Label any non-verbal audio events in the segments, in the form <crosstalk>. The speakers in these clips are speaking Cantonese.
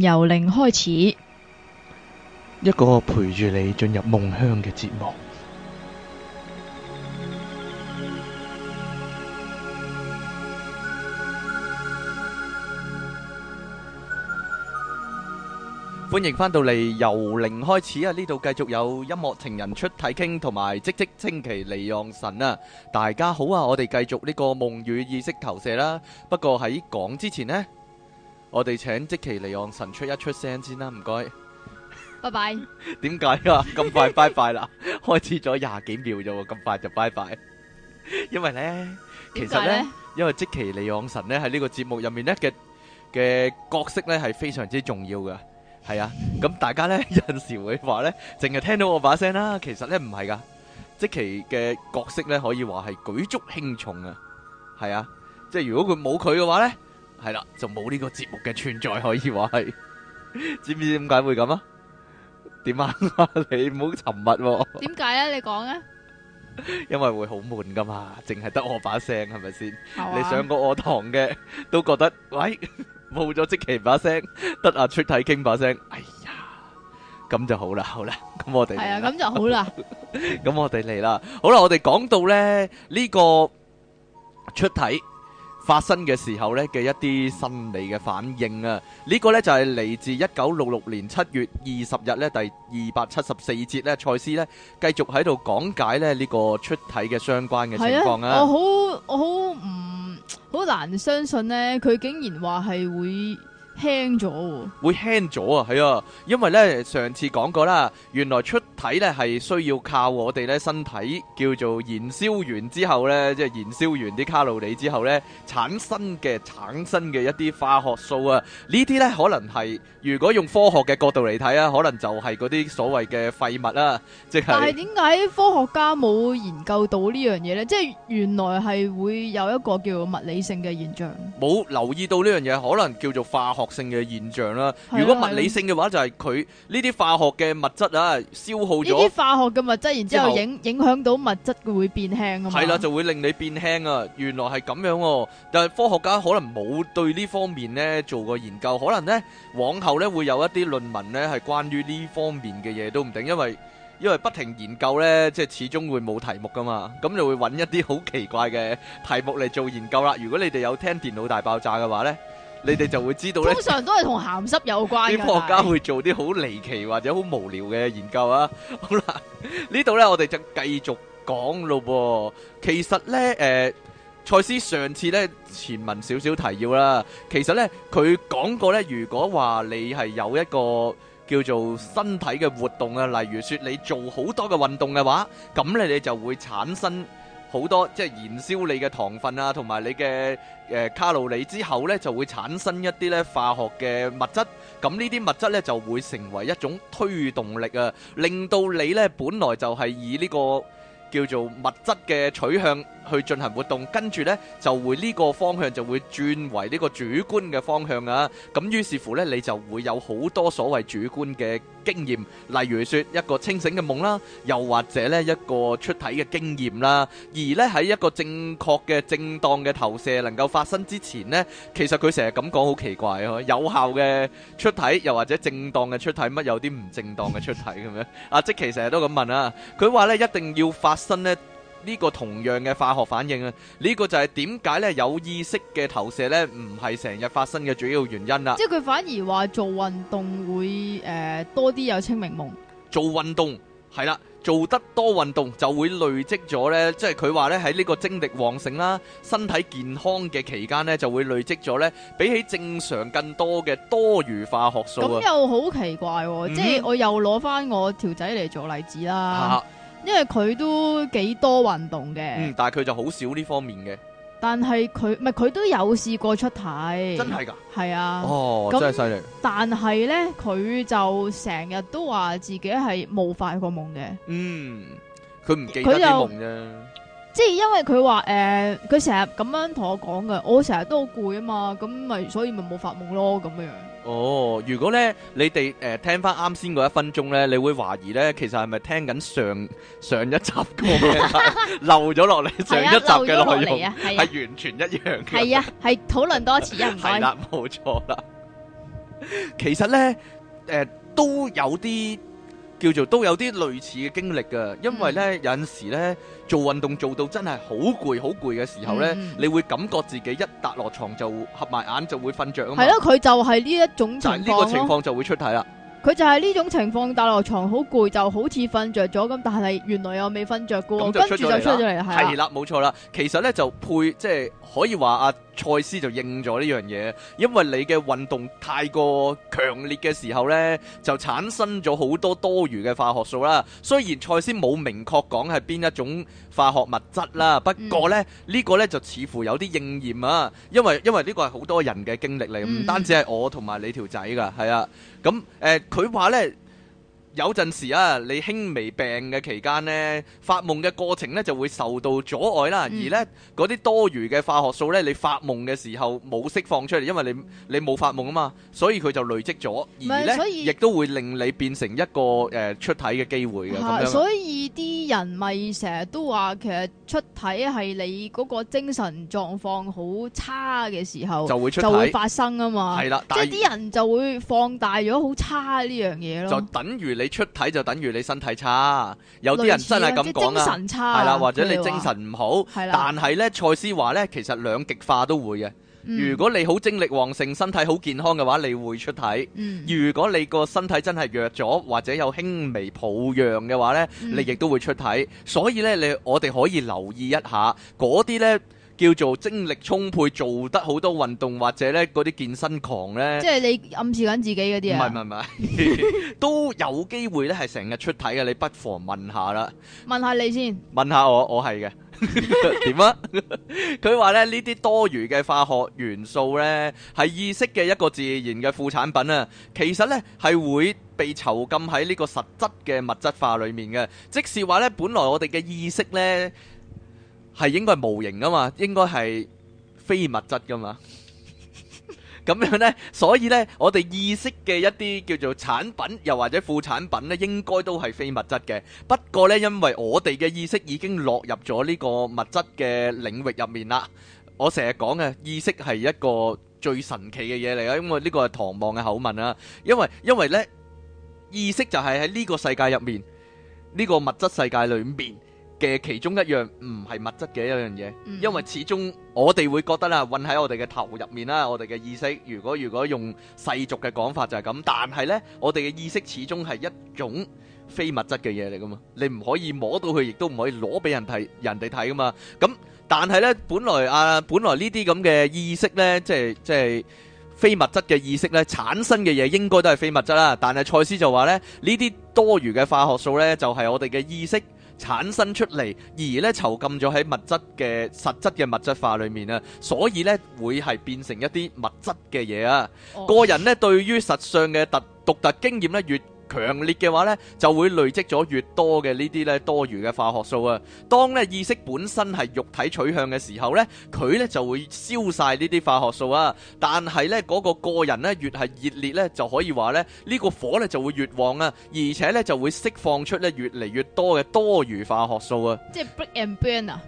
由零開始，一個陪住你進入夢鄉嘅節目。歡迎返到嚟由零開始啊！呢度繼續有音樂情人出體傾，同埋積積清奇利用神啊！大家好啊！我哋繼續呢個夢與意識投射啦。不過喺講之前呢，我哋請即其李昂神出一出聲先啦，唔該，拜拜。點解啊？咁快拜拜啦？開始咗廿幾秒就咁快就拜拜？因為咧，其實咧，因為即其李昂神咧喺呢個節目入面咧嘅嘅角色咧係非常之重要噶係啊，咁大家咧有陣時會話咧，淨係聽到我把聲啦。其實咧唔係噶，即其嘅角色咧可以話係舉足輕重啊。係啊，即如果佢冇佢嘅話咧。係啦，就冇呢個節目嘅存在，可以話係，知唔知點解會咁啊？點啊？你唔好沉默。點解啊？你講啊？因為會好悶噶嘛，淨係得我把聲，係咪先？你上過我堂嘅都覺得，喂，冇咗即其把聲，得啊出體傾把聲，哎呀，咁就好啦，好啦，咁我哋係啊，咁就好啦，咁我哋嚟啦，好啦，我哋講到咧呢個出體。發生嘅時候呢嘅一啲心理嘅反應啊，呢、這個呢就係、是、嚟自一九六六年七月二十日呢，第二百七十四節呢，賽斯呢繼續喺度講解呢呢、這個出體嘅相關嘅情況啊！啊我好我好唔好難相信呢，佢竟然話係會。輕咗會輕咗啊，係啊，因為咧上次講過啦，原來出體咧係需要靠我哋咧身體叫做燃燒完之後咧，即係燃燒完啲卡路里之後咧，產生嘅產生嘅一啲化學素啊，呢啲咧可能係如果用科學嘅角度嚟睇啊，可能就係嗰啲所謂嘅廢物啦，啊，即係。但係點解科學家冇研究到呢樣嘢咧？即係原來係會有一個叫物理性嘅現象，冇留意到呢樣嘢，可能叫做化學。性嘅現象啦，如果物理性嘅話就係佢呢啲化學嘅物質啊，消耗咗呢啲化學嘅物質，然之後影影響到物質佢會變輕啊，係啦，就會令你變輕啊，原來係咁樣，但係科學家可能冇對呢方面咧做過研究，可能咧往後咧會有一啲論文咧係關於呢方面嘅嘢都唔定，因為因為不停研究咧，即係始終會冇題目噶嘛，咁就會揾一啲好奇怪嘅題目嚟做研究啦。如果你哋有聽電腦大爆炸嘅話咧，你哋就會知道咧，通常都係同鹹濕有關。啲科學家會做啲好離奇或者好無聊嘅研究啊！好啦，呢度呢我哋就繼續講咯。其實呢，誒，賽斯上次呢前文少少提要啦。其實呢，佢講過呢，如果話你係有一個叫做身體嘅活動啊，例如説你做好多嘅運動嘅話，咁你你就會產生。好多即係燃燒你嘅糖分啊，同埋你嘅誒、呃、卡路里之後咧，就會產生一啲咧化學嘅物質，咁呢啲物質咧就會成為一種推動力啊，令到你咧本來就係以呢、這個叫做物質嘅取向。去進行活動，跟住呢就會呢個方向就會轉為呢個主觀嘅方向啊！咁於是乎呢，你就會有好多所謂主觀嘅經驗，例如説一個清醒嘅夢啦，又或者呢一個出體嘅經驗啦。而呢，喺一個正確嘅、正當嘅投射能夠發生之前呢，其實佢成日咁講好奇怪啊！有效嘅出體，又或者正當嘅出體，乜有啲唔正當嘅出體咁樣？ <laughs> 啊，即其成日都咁問啊！佢話呢一定要發生呢。呢個同樣嘅化學反應啊，呢、呢個就係點解咧有意識嘅投射呢唔係成日發生嘅主要原因啦。即係佢反而話做運動會誒、呃、多啲有清明夢。做運動係啦，做得多運動就會累積咗，呢即係佢話呢喺呢個精力旺盛啦、身體健康嘅期間呢就會累積咗呢比起正常更多嘅多餘化學素。咁又好奇怪，哦，嗯、哼即係我又攞翻我條仔嚟做例子啦。啊因為佢都幾多運動嘅，嗯，但係佢就好少呢方面嘅。但係佢唔係佢都有試過出體，真係噶，係啊，哦，嗯，真係犀利。但係咧，佢就成日都話自己係冇發過夢嘅。嗯，佢唔記得夢啫就，即係因為佢話誒，佢成日咁樣同我講嘅：「我成日都好攰啊嘛，咁咪所以咪冇發夢咯」，咁樣樣。哦，如果咧你哋誒聽翻啱先嗰一分鐘咧，你會懷疑咧，其實係咪聽緊上上一集嘅，漏咗落嚟上一集嘅內容係完全一樣嘅。係啊，係討論多一次，唔該。係啦，冇錯啦。其實咧，誒都有啲，叫做都有啲類似嘅經歷㗎，因為咧、嗯、有陣時咧做運動做到真係好攰好攰嘅時候咧，嗯、你會感覺自己一笪落床就合埋眼就會瞓着。啊係咯，佢就係呢一種情況、啊，呢個情況就會出體啦。佢就係呢種情況，打落床好攰，就好似瞓着咗咁，但係原來又未瞓着噶，跟住就出咗嚟，係啦，冇錯啦。其實呢，就配，即係可以話阿賽斯就應咗呢樣嘢，因為你嘅運動太過強烈嘅時候呢，就產生咗好多多餘嘅化學素啦。雖然賽斯冇明確講係邊一種化學物質啦，嗯、不過呢、呢、嗯、個呢，就似乎有啲應驗啊，因為因為呢個係好多人嘅經歷嚟，唔單止係我同埋你條仔噶，係啊。咁誒，佢話咧。有陣時啊，你輕微病嘅期間咧，發夢嘅過程咧就會受到阻礙啦。嗯、而咧啲多餘嘅化學素咧，你發夢嘅時候冇釋放出嚟，因為你你冇發夢啊嘛，所以佢就累積咗，而咧、嗯、亦都會令你變成一個誒、呃、出體嘅機會嘅，咁、啊、所以啲人咪成日都話其實出體係你個精神狀況好差嘅時候就會出就會發生啊嘛。係啦，即係啲人就會放大咗好差呢樣嘢咯。就等於你。 <music> 出體就等於你身體差，有啲人真係咁講啊，或者你精神唔好，但係呢，賽斯話呢，其實兩極化都會嘅。嗯、如果你好精力旺盛、身體好健康嘅話，你會出體；嗯、如果你個身體真係弱咗，或者有輕微抱恙嘅話呢，你亦都會出體。嗯、所以呢，你我哋可以留意一下嗰啲呢。叫做精力充沛，做得好多運動或者咧嗰啲健身狂呢，即係你暗示緊自己嗰啲啊？唔係唔係唔係， <laughs> 都有機會咧，係成日出體嘅，你不妨問下啦。問下你先。問下我，我係嘅。點 <laughs> 啊行嗎？佢話咧，呢啲多餘嘅化學元素呢，係意識嘅一個自然嘅副產品啊。其實呢，係會被囚禁喺呢個實質嘅物質化裡面嘅，即是話呢，本來我哋嘅意識呢。係應該係模型噶嘛，應該係非物質噶嘛。咁 <laughs> 樣呢，所以呢，我哋意識嘅一啲叫做產品，又或者副產品咧，應該都係非物質嘅。不過呢，因為我哋嘅意識已經落入咗呢個物質嘅領域入面啦。我成日講嘅意識係一個最神奇嘅嘢嚟啊，因為呢個係唐望嘅口吻啦。因為因為咧，意識就係喺呢個世界入面，呢、呢個物質世界裏面。嘅其中一樣唔係物質嘅一樣嘢，因為始終我哋會覺得啦，混喺我哋嘅頭入面啦，我哋嘅意識。如果如果用世俗嘅講法就係咁，但係呢，我哋嘅意識始終係一種非物質嘅嘢嚟噶嘛，你唔可以摸到佢，亦都唔可以攞俾人睇，人哋睇噶嘛。咁但係呢，本來啊，本來呢啲咁嘅意識呢，即係即係非物質嘅意識呢，產生嘅嘢應該都係非物質啦。但係蔡司就話呢，呢啲多餘嘅化學素呢，就係我哋嘅意識。產生出嚟，而咧囚禁咗喺物質嘅實質嘅物質化裏面啊，所以咧會係變成一啲物質嘅嘢啊。Oh. 個人咧對於實相嘅特獨特經驗咧越強烈嘅話呢，就會累積咗越多嘅呢啲呢，多餘嘅化學素啊。當呢意識本身係肉體取向嘅時候呢，佢呢就會消晒呢啲化學素啊。但係呢，嗰、嗰個個人呢越係熱烈呢，就可以話呢，呢、呢個火呢就會越旺啊，而且呢就會釋放出呢越嚟越多嘅多餘化學素啊。即係 break and burn 啊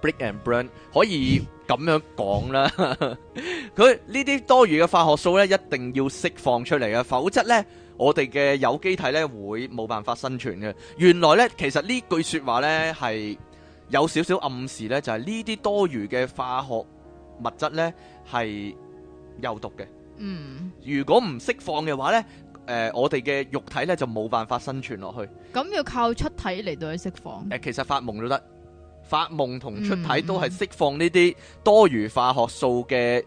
，break and burn 可以咁 <laughs> 樣講啦。 <laughs> 佢呢啲多餘嘅化學素呢一定要釋放出嚟啊，否則呢。我哋嘅有機體咧，會冇辦法生存嘅。原來咧，其實呢句說話咧係有少少暗示咧，就係呢啲多餘嘅化學物質咧係有毒嘅。嗯，如果唔釋放嘅話咧，誒、呃，我哋嘅肉體咧就冇辦法生存落去。咁要靠出體嚟到去釋放。誒、呃，其實發夢都得，發夢同出體都係釋放呢啲多餘化學素嘅、嗯。嗯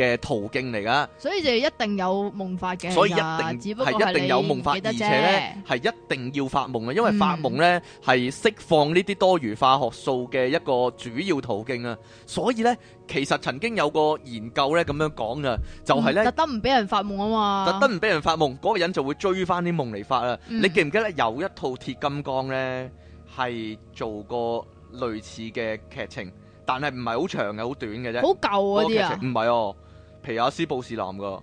嘅途徑嚟噶，所以就一定有夢發嘅，所以一定只不過係一定有夢發，而且咧係一定要發夢啊！因為發夢咧係釋放呢啲多餘化學素嘅一個主要途徑啊！所以咧，其實曾經有個研究咧咁樣講噶，就係咧，特登唔俾人發夢啊嘛，特登唔俾人發夢，嗰個人就會追翻啲夢嚟發啊！你記唔記得有一套鐵金剛咧係做過類似嘅劇情，但係唔係好長嘅，好短嘅啫，好舊嗰啲啊，唔係哦。皮亞斯布士南噶，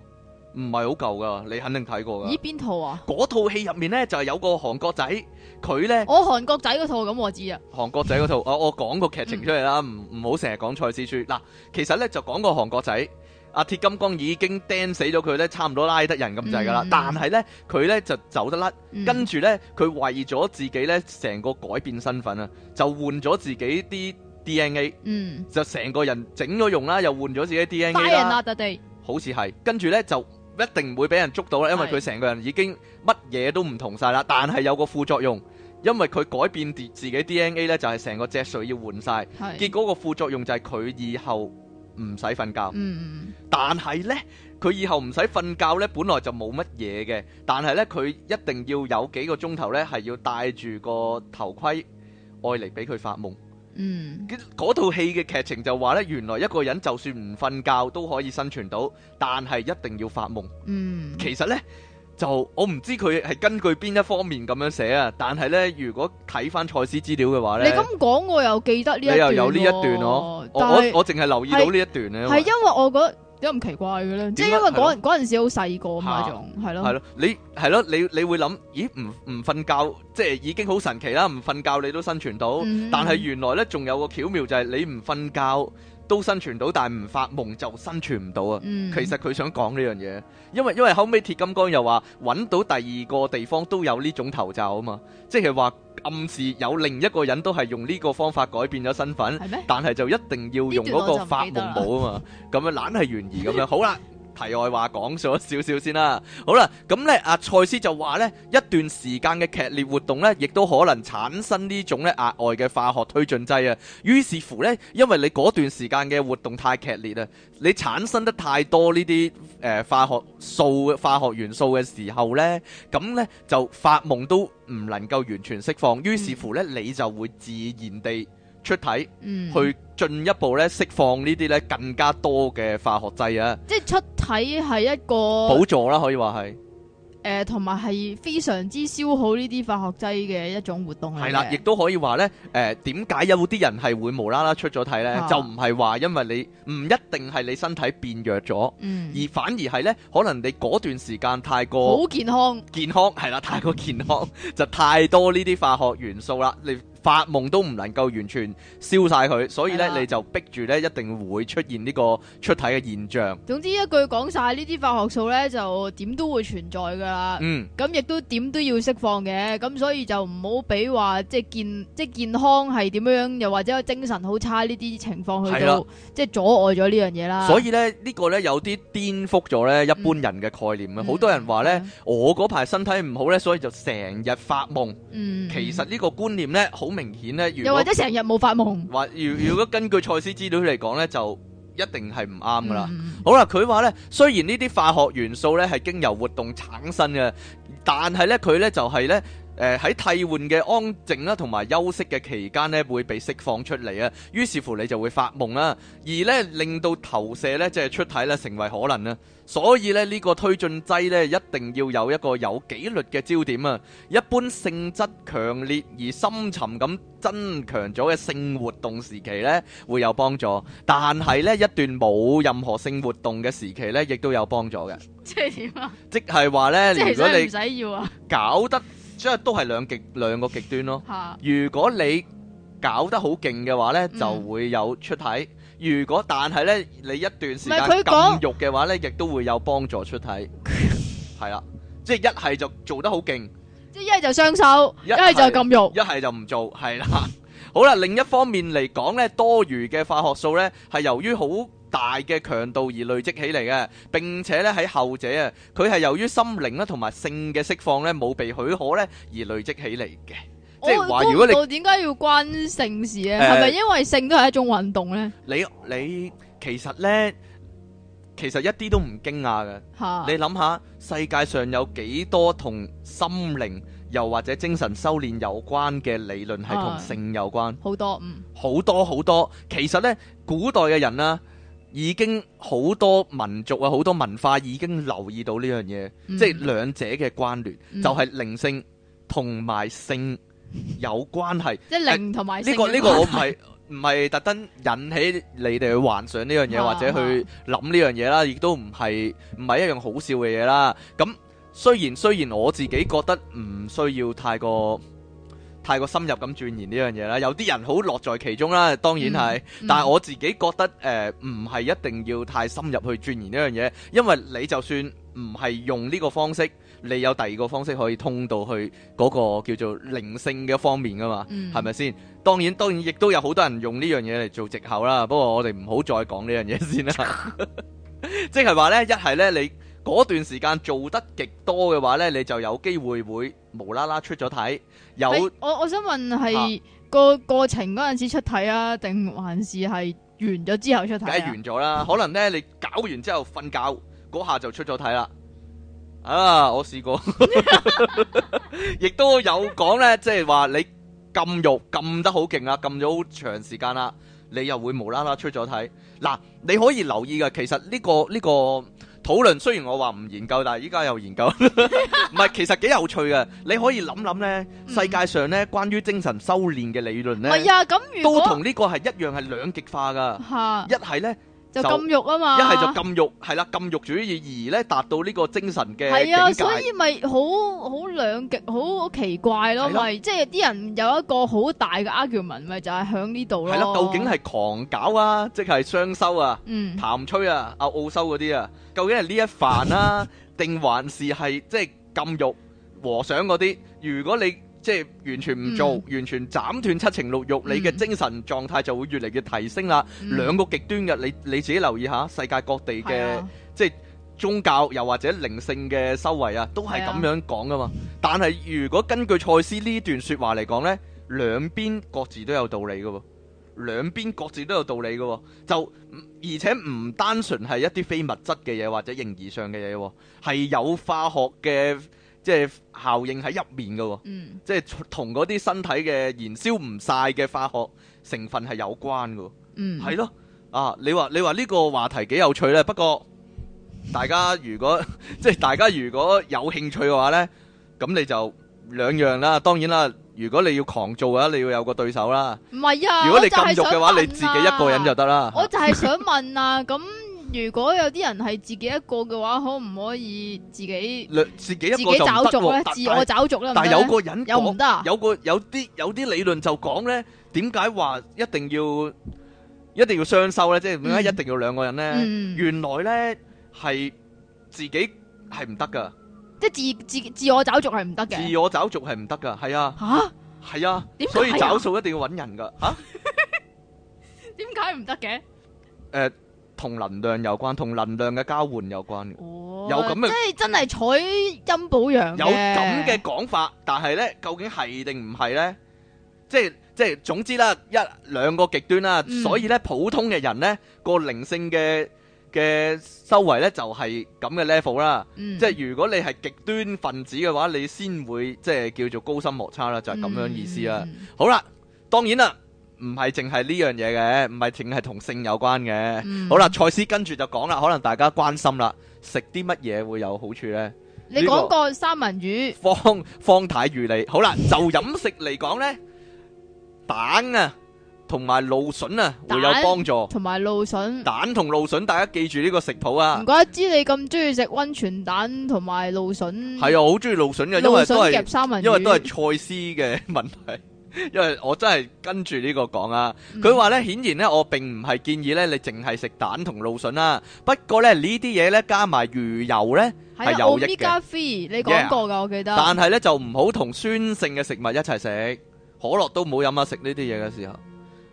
唔係好舊噶，你肯定睇過噶。咦？邊套啊？嗰套戲入面咧就係、是、有個韓國仔，佢咧我韓國仔嗰套咁我知韓 <laughs> 啊。韓國仔嗰套，我我講個劇情出嚟啦，唔唔好成日講蔡思書。嗱、啊，其實咧就講個韓國仔，阿、啊、鐵金剛已經釘死咗佢咧，差唔多拉、嗯、得人咁滯噶啦。但係咧佢咧就走得甩，跟住咧佢為咗自己咧成個改變身份啊，就換咗自己啲。DNA，嗯，就成個人整咗容啦，又換咗自己 DNA 啦，好似係，跟住呢就一定唔會俾人捉到啦，因為佢成個人已經乜嘢都唔同晒啦。但係有個副作用，因為佢改變自自己 DNA 呢，就係成個脊髓要換晒，結果個副作用就係佢以後唔使瞓覺。嗯嗯嗯，但係呢佢以後唔使瞓覺呢，本來就冇乜嘢嘅，但係呢佢一定要有幾個鐘頭呢，係要戴住個頭盔，愛嚟俾佢發夢。嗯，嗰套戲嘅劇情就話呢，原來一個人就算唔瞓覺都可以生存到，但係一定要發夢。嗯，其實呢，就我唔知佢係根據邊一方面咁樣寫啊，但係呢，如果睇翻賽斯資料嘅話呢，你咁講我又記得呢一段、哦，你又有呢一段咯、哦是，我我淨係留意到呢一段咧，係因為我覺。有唔奇怪嘅咧，何即係因為嗰嗰陣時好細個嘛，仲係咯，係咯下的，你係咯，你你會諗，咦，唔唔瞓覺，即係已經好神奇啦，唔瞓覺你都生存到，嗯、但係原來咧仲有個巧妙就係你唔瞓覺。都生存到，但係唔發夢就生存唔到啊！嗯、其實佢想講呢樣嘢，因為因為後尾鐵金剛又話揾到第二個地方都有呢種頭罩啊嘛，即係話暗示有另一個人都係用呢個方法改變咗身份，嗎但係就一定要用嗰個發夢帽啊嘛，咁 <laughs> 樣懶係懸疑咁樣，好啦。題外話講咗少少先啦，好啦，咁呢、啊，阿賽斯就話呢，一段時間嘅劇烈活動呢，亦都可能產生呢種咧額外嘅化學推進劑啊。於是乎呢，因為你嗰段時間嘅活動太劇烈喇，你產生得太多呢啲誒化學素、化學元素嘅時候呢，咁呢，就發夢都唔能夠完全釋放。於是乎呢，你就會自然地，出體去進一步咧釋放呢啲咧更加多嘅化學劑啊！即係出體係一個補助啦，可以話係誒，同埋係非常之消耗呢啲化學劑嘅一種活動嚟、啊、嘅。係啦，亦都可以話咧，誒、呃，點解有啲人係會無啦啦出咗體咧？啊、就唔係話因為你唔一定係你身體變弱咗，嗯，而反而係咧，可能你嗰段時間太過好健康，健康係啦，太過健康 <laughs> 就太多呢啲化學元素啦，你。 <laughs> 發夢都唔能夠完全燒晒佢，所以咧的你就逼住咧一定會出現呢個出體嘅現象。總之一句講晒呢啲化學數咧就點都會存在噶啦。嗯，咁亦都點都要釋放嘅，咁所以就唔好俾話即係健即係健康係點樣，又或者個精神好差呢啲情況去到的即係阻礙咗呢樣嘢啦。所以咧呢個咧有啲顛覆咗咧一般人嘅概念，嘅、好、嗯、多人話咧、嗯、我嗰排身體唔好咧，所以就成日發夢。嗯，其實呢個觀念咧好。好明顯咧，又或者成日冇發夢，或如如果根據賽斯資料嚟講咧，就一定係唔啱噶啦。嗯、好啦，佢話咧，雖然呢啲化學元素咧係經由活動產生嘅，但係咧佢咧就係、是、咧。誒喺、呃、替換嘅安靜啦，同埋休息嘅期間咧，會被釋放出嚟啊。於是乎你就會發夢啦，而咧令到投射咧即係出體咧成為可能啦。所以咧呢、呢個推進劑咧一定要有一個有紀律嘅焦點啊。一般性質強烈而深沉咁增強咗嘅性活動時期咧會有幫助，但係咧一段冇任何性活動嘅時期咧亦都有幫助嘅。即係點啊？即係話咧，如果你唔使要啊，搞得～即係都係兩極，兩個極端咯。如果你搞得好勁嘅話咧，就會有出體。如果但係咧你一段時間禁肉嘅話咧，亦都會有幫助出體。係啦，即係一係就做得好勁，即係一係就雙手，一係就禁肉，一係就唔做，係啦。好啦，另一方面嚟講咧，多餘嘅化學素咧係由於好大嘅強度而累積起嚟嘅，並且咧喺後者啊，佢係由於心靈咧同埋性嘅釋放咧冇被許可咧而累積起嚟嘅。即、哦、如果你我點解要關性事啊？係咪、呃、因為性都係一種運動咧？你你其實咧，其實一啲都唔驚訝嘅。的你諗下，世界上有幾多同心靈又或者精神修煉有關嘅理論係同性有關？好多嗯，好多、嗯、好多好多。其實咧，古代嘅人啦、啊。已經好多民族啊，好多文化已經留意到呢樣嘢，嗯、即係兩者嘅關聯，嗯、就係靈性同埋性有關係。 <laughs> 即係靈同埋呢個呢個，呢個、我唔係唔係特登引起你哋去幻想呢樣嘢， <laughs> 或者去諗呢樣嘢啦，亦都唔係唔係一樣好笑嘅嘢啦。咁雖然雖然我自己覺得唔需要太過。太過深入咁鑽研呢樣嘢啦，有啲人好樂在其中啦，當然係。嗯嗯、但係我自己覺得誒，唔係一定要太深入去鑽研呢樣嘢，因為你就算唔係用呢個方式，你有第二個方式可以通到去嗰個叫做靈性嘅方面噶嘛，係咪先？當然當然亦都有好多人用呢樣嘢嚟做藉口啦，不過我哋唔好再講 <laughs> <laughs> 呢樣嘢先啦。即係話呢，一係呢，你。嗰段時間做得極多嘅話呢，你就有機會會無啦啦出咗體。有我我想問係、啊、個過程嗰陣時出體啊，定還是係完咗之後出體、啊？梗係完咗啦，可能呢，你搞完之後瞓覺嗰下就出咗體啦。 <laughs> 啊，我試過，亦 <laughs> <laughs> <laughs> 都有講呢，即係話你禁肉禁得好勁啊，禁咗好長時間啊，你又會無啦啦出咗體。嗱，你可以留意㗎，其實呢個呢個。這個這個討論雖然我話唔研究，但係依家又研究， <laughs> 唔係其實幾有趣嘅。 <laughs> 你可以諗諗呢，世界上呢關於精神修煉嘅理論呢，唔係啊，咁如果都同呢個係一樣係兩極化㗎， <laughs> 一係呢。禁慾啊嘛，一係就禁慾，係啦，禁慾主義而咧達到呢個精神嘅境界係啊，所以咪好好兩極，好奇怪咯，咪是的、就是，即係啲人有一個好大嘅 argument，咪就係響呢度咯，係咯，究竟係狂搞啊，即係雙修啊，嗯，譚崔啊，阿奧修嗰啲啊，究竟係呢一範啊？定 <laughs> 還是係即係禁慾和尚嗰啲？如果你即係完全唔做，嗯、完全斬斷七情六欲，嗯、你嘅精神狀態就會越嚟越提升啦。嗯、兩個極端嘅你，你自己留意下世界各地嘅、啊、即係宗教，又或者靈性嘅修為啊，都係咁樣講噶嘛。但係如果根據賽斯呢段説話嚟講呢，兩邊各自都有道理嘅喎，兩邊各自都有道理嘅喎，就而且唔單純係一啲非物質嘅嘢或者形而上嘅嘢喎，係有化學嘅即係效應喺入面嘅，嗯、即係同嗰啲身體嘅燃燒唔晒嘅化學成分係有關嘅，係咯、嗯，啊，你話你話呢個話題幾有趣咧？不過大家如果 <laughs> 即係大家如果有興趣嘅話咧，咁你就兩樣啦。當然啦，如果你要狂做嘅話，你要有個對手啦。唔係啊，如果你禁欲嘅話，你自己一個人就得啦。我就係想問啊，咁。 <laughs> 如果有啲人係自己一個嘅話，可唔可以自己自己找續咧？自我找續咧？唔得？有唔得啊？有個有啲有啲理論就講咧，點解話一定要一定要雙修咧？即係點解一定要兩個人咧？原來咧係自己係唔得噶，即係自自自我找續係唔得嘅，自我找續係唔得噶，係啊，吓，係啊，所以找數一定要揾人噶，吓，點解唔得嘅？誒。同能量有關，同能量嘅交換有關嘅，有咁嘅，即係真係採陰補陽嘅，有咁嘅講法。但係呢，究竟係定唔係呢？即係即係，總之啦，一兩個極端啦。所以呢，普通嘅人呢，個靈性嘅嘅修為呢，就係咁嘅 level 啦。即係如果你係極端分子嘅話，你先會即係叫做高深莫測啦，就係咁樣意思啦。好啦，當然啦。唔係淨係呢樣嘢嘅，唔係淨係同性有關嘅。好啦，蔡司跟住就講啦，可能大家關心啦，食啲乜嘢會有好處咧？你講個三文魚，放放太遠嚟。好啦，就飲食嚟講咧，蛋啊，同埋蘆筍啊，會有幫助。同埋蘆筍，蛋同蘆筍，大家記住呢個食譜啊！唔怪得知，你咁中意食溫泉蛋同埋蘆筍，係啊，好中意蘆筍嘅，因為都係三文，因為都係蔡司嘅問題。因為我真係跟住呢個講啊，佢話、嗯、呢，顯然呢，我並唔係建議呢，你淨係食蛋同蘆筍啦。不過呢，呢啲嘢呢，加埋魚油呢，係、啊、有益嘅。Omega-3, 你講過噶，yeah, 我記得。但係呢，就唔好同酸性嘅食物一齊食，可樂都唔好飲啊。食呢啲嘢嘅時候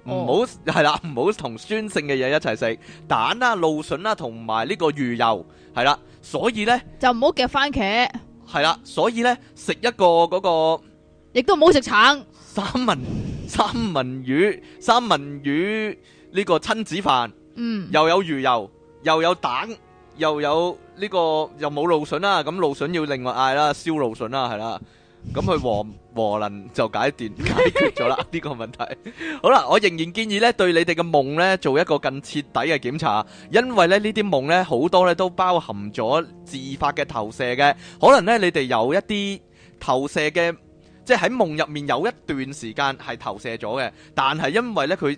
唔好係啦，唔好同酸性嘅嘢一齊食蛋啊、蘆筍啦，同埋呢個魚油係啦、啊。所以呢，就唔好夾番茄係啦、啊。所以呢，食一個嗰個亦都唔好食橙。三文三文魚，三文魚呢個親子飯，嗯，又有魚油，又有蛋，又有呢個，又冇蘆笋啦，咁蘆笋要另外嗌啦，燒蘆笋啦，係啦，咁佢和和能就解決解決咗啦呢個問題。好啦，我仍然建議咧，對你哋嘅夢咧做一個更徹底嘅檢查，因為咧呢啲夢咧好多咧都包含咗自發嘅投射嘅，可能咧你哋有一啲投射嘅。即係喺夢入面有一段時間係投射咗嘅，但係因為呢，佢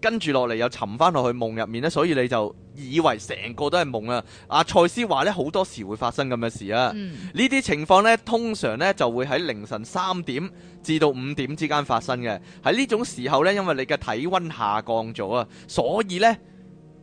跟住落嚟又沉翻落去夢入面呢，所以你就以為成個都係夢啊！阿賽斯話呢，好多時會發生咁嘅事啊！呢啲、嗯、情況呢，通常呢就會喺凌晨三點至到五點之間發生嘅。喺呢種時候呢，因為你嘅體温下降咗啊，所以呢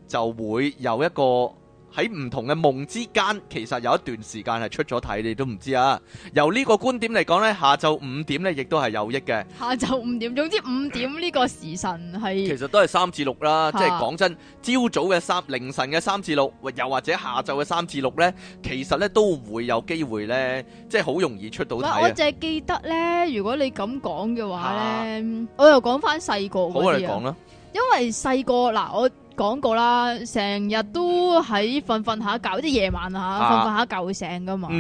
就會有一個。喺唔同嘅夢之間，其實有一段時間係出咗體，你都唔知啊。由呢個觀點嚟講呢，下晝五點呢，亦都係有益嘅。下晝五點，總之五點呢個時辰係。其實都係三至六啦，啊、即係講真，朝早嘅三，凌晨嘅三至六，又或者下晝嘅三至六呢，其實呢都會有機會呢，即係好容易出到體。我淨係記得呢，如果你咁講嘅話呢，啊、我又講翻細個嗰啲你講啦，因為細個嗱，我。講過啦，成日都喺瞓瞓下覺，即夜晚啊吓，瞓瞓下覺會醒噶嘛。咁、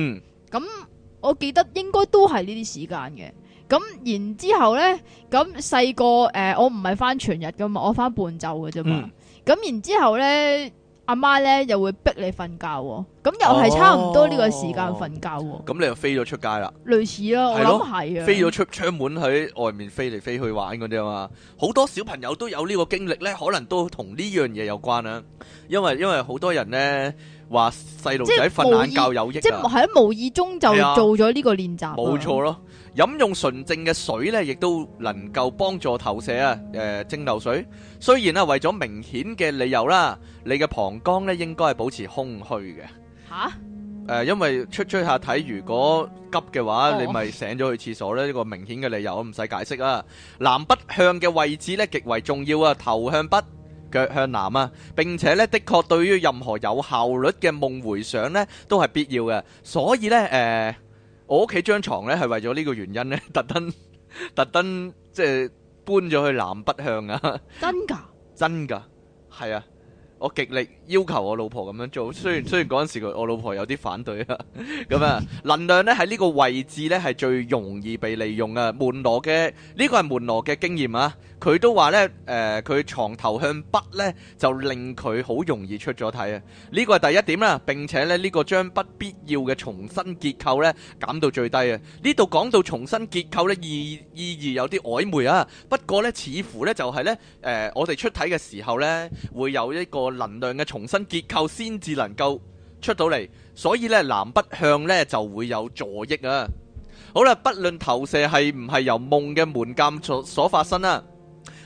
嗯、我記得應該都係呢啲時間嘅。咁然之後咧，咁細個誒，我唔係返全日噶嘛，我返半晝噶啫嘛。咁、嗯、然之後咧。阿媽咧又會逼你瞓覺，哦，咁又係差唔多呢個時間瞓覺，哦，咁、哦、你又飛咗出街啦。類似咯，我諗係啊，飛咗出窗門喺外面飛嚟飛去玩嗰啲啊嘛，好多小朋友都有呢個經歷咧，可能都同呢樣嘢有關啊。因為因為好多人咧話細路仔瞓懶覺有益，即係喺無，無意中就做咗呢個練習，冇錯咯。飲用純淨嘅水咧，亦都能夠幫助投射啊！誒，蒸餾水雖然啊，為咗明顯嘅理由啦，你嘅膀胱咧應該係保持空虛嘅，吓。誒，因為出出下體，如果急嘅話，你咪醒咗去廁所咧。呢個明顯嘅理由，我唔使解釋啊。南北向嘅位置咧，極為重要啊。頭向北，腳向南啊，並且咧的確對於任何有效率嘅夢回想咧都係必要嘅。所以咧，誒。我屋企張牀咧係為咗呢個原因咧，特登，特登，即係搬咗去南北向啊！真㗎，真㗎，係啊！我極力要求我老婆咁樣做，雖然雖然嗰陣時佢我老婆有啲反對啊，咁啊，能量咧喺呢個位置咧係最容易被利用，這個、啊！門羅嘅呢個係門羅嘅經驗啊，佢都話咧誒，佢床頭向北咧就令佢好容易出咗體啊！呢，這個係第一點啦，啊，並且咧呢，這個將不必要嘅重新結構咧減到最低啊！呢度講到重新結構咧意意義有啲曖昧啊，不過咧似乎咧就係咧誒，我哋出體嘅時候咧會有一個。能量嘅重新結構先至能夠出到嚟，所以咧南北向咧就會有助益啊！好啦，不論投射係唔係由夢嘅門檻所所發生啊！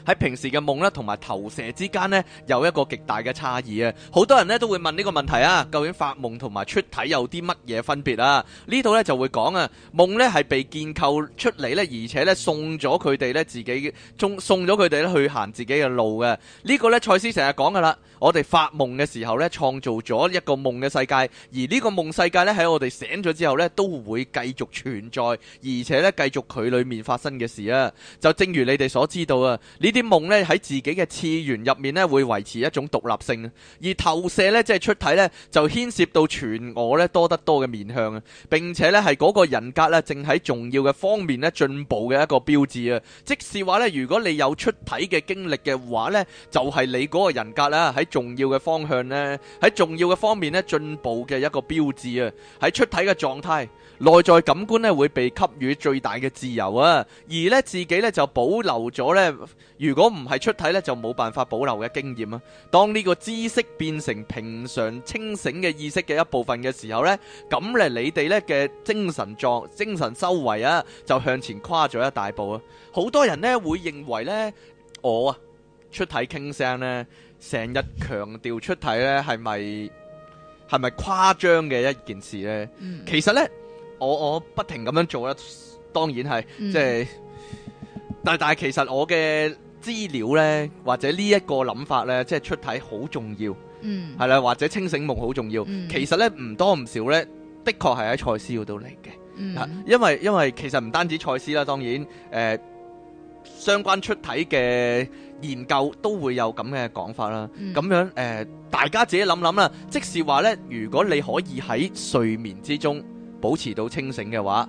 喺平時嘅夢咧，同埋投射之間咧，有一個極大嘅差異啊！好多人咧都會問呢個問題啊，究竟發夢同埋出體有啲乜嘢分別啊？呢度咧就會講啊，夢咧係被建構出嚟咧，而且咧送咗佢哋咧自己，送送咗佢哋咧去行自己嘅路嘅。呢、呢個咧蔡司成日講噶啦，我哋發夢嘅時候咧，創造咗一個夢嘅世界，而呢個夢世界咧喺我哋醒咗之後咧，都會繼續存在，而且咧繼續佢裏面發生嘅事啊！就正如你哋所知道啊，啲夢咧喺自己嘅次元入面咧會維持一種獨立性，而投射咧即係出體咧就牽涉到全我咧多得多嘅面向，並且咧係嗰個人格咧正喺重要嘅方面咧進步嘅一個標誌啊！即係話咧，如果你有出體嘅經歷嘅話咧，就係、是、你嗰個人格啦喺重要嘅方向咧喺重要嘅方面咧進步嘅一個標誌啊！喺出體嘅狀態。內在感官咧會被給予最大嘅自由啊，而咧自己咧就保留咗咧，如果唔係出體咧就冇辦法保留嘅經驗啊。當呢個知識變成平常清醒嘅意識嘅一部分嘅時候咧，咁咧你哋咧嘅精神狀、精神修為啊，就向前跨咗一大步啊！好多人咧會認為咧，我啊出體傾偈咧，成日強調出體咧係咪係咪誇張嘅一件事咧？嗯、其實咧。我我不停咁樣做啦，當然係即係，但但係其實我嘅資料呢，或者呢一個諗法呢，即係出體好重要，係啦、嗯，或者清醒夢好重要。嗯、其實呢，唔多唔少呢，的確係喺賽斯度嚟嘅。嗯、因為因為其實唔單止賽斯啦，當然誒、呃，相關出體嘅研究都會有咁嘅講法啦。咁、嗯、樣誒、呃，大家自己諗諗啦。即是話呢，如果你可以喺睡眠之中。保持到清醒嘅話，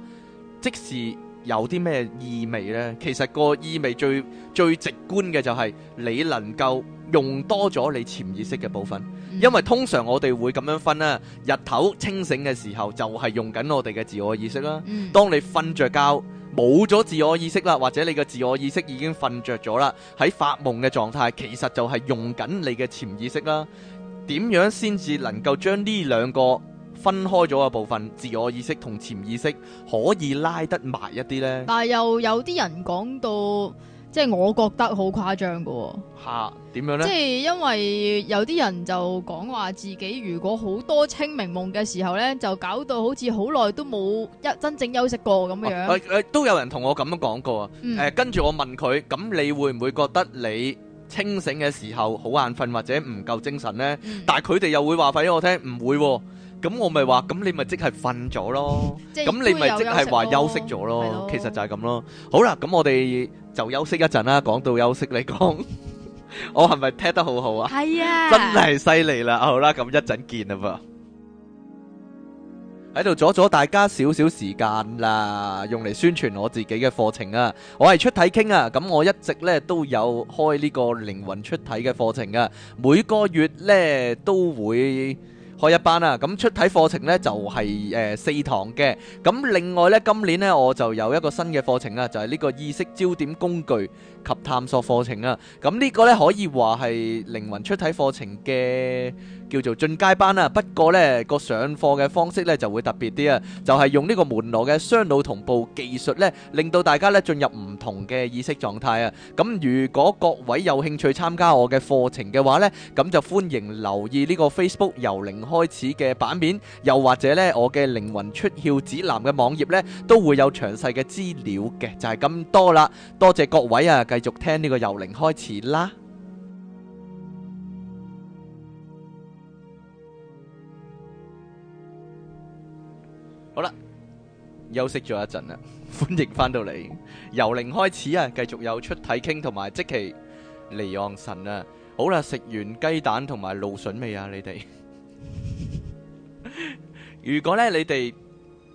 即使有啲咩意味咧？其實個意味最最直觀嘅就係你能夠用多咗你潛意識嘅部分，嗯、因為通常我哋會咁樣分啦，日頭清醒嘅時候就係用緊我哋嘅自我意識啦。嗯、當你瞓着覺，冇咗自我意識啦，或者你嘅自我意識已經瞓着咗啦，喺發夢嘅狀態，其實就係用緊你嘅潛意識啦。點樣先至能夠將呢兩個分開咗嘅部分，自我意識同潛意識可以拉得埋一啲呢。但係又有啲人講到，即係我覺得好誇張嘅喎、哦。嚇、啊？點樣呢？即係因為有啲人就講話自己，如果好多清明夢嘅時候呢，就搞到好似好耐都冇一真正休息過咁樣、啊呃呃。都有人同我咁樣講過啊、嗯呃。跟住我問佢，咁你會唔會覺得你清醒嘅時候好眼瞓或者唔夠精神呢？嗯，但係佢哋又會話畀我聽，唔會喎、哦。咁我咪話，咁你咪即係瞓咗咯，咁你咪即係話休息咗咯，其實就係咁咯。好啦，咁我哋就休息一陣啦，講到休息嚟講，我係咪聽得好好啊？係啊，真係犀利啦！好啦，咁一陣見啦噃，喺度阻咗大家少少時間啦，用嚟宣傳我自己嘅課程啊！我係出體傾啊，咁我一直咧都有開呢個靈魂出體嘅課程啊，每個月咧都會。開一班啦、啊，咁出體課程呢就係、是、誒、呃、四堂嘅，咁另外呢，今年呢我就有一個新嘅課程啊，就係、是、呢個意識焦點工具及探索課程啊，咁呢個呢可以話係靈魂出體課程嘅。叫做進階班啦，不過呢個上課嘅方式呢就會特別啲啊，就係用呢個門羅嘅雙腦同步技術呢，令到大家呢進入唔同嘅意識狀態啊。咁如果各位有興趣參加我嘅課程嘅話呢，咁就歡迎留意呢個 Facebook 由零開始嘅版面，又或者呢我嘅靈魂出竅指南嘅網頁呢都會有詳細嘅資料嘅，就係咁多啦。多謝各位啊，繼續聽呢個由零開始啦。休息咗一陣啦，歡迎翻到嚟，由零開始啊，繼續有出體傾同埋即期離岸神啊！好啦，食完雞蛋同埋露筍未啊？你哋， <laughs> 如果咧你哋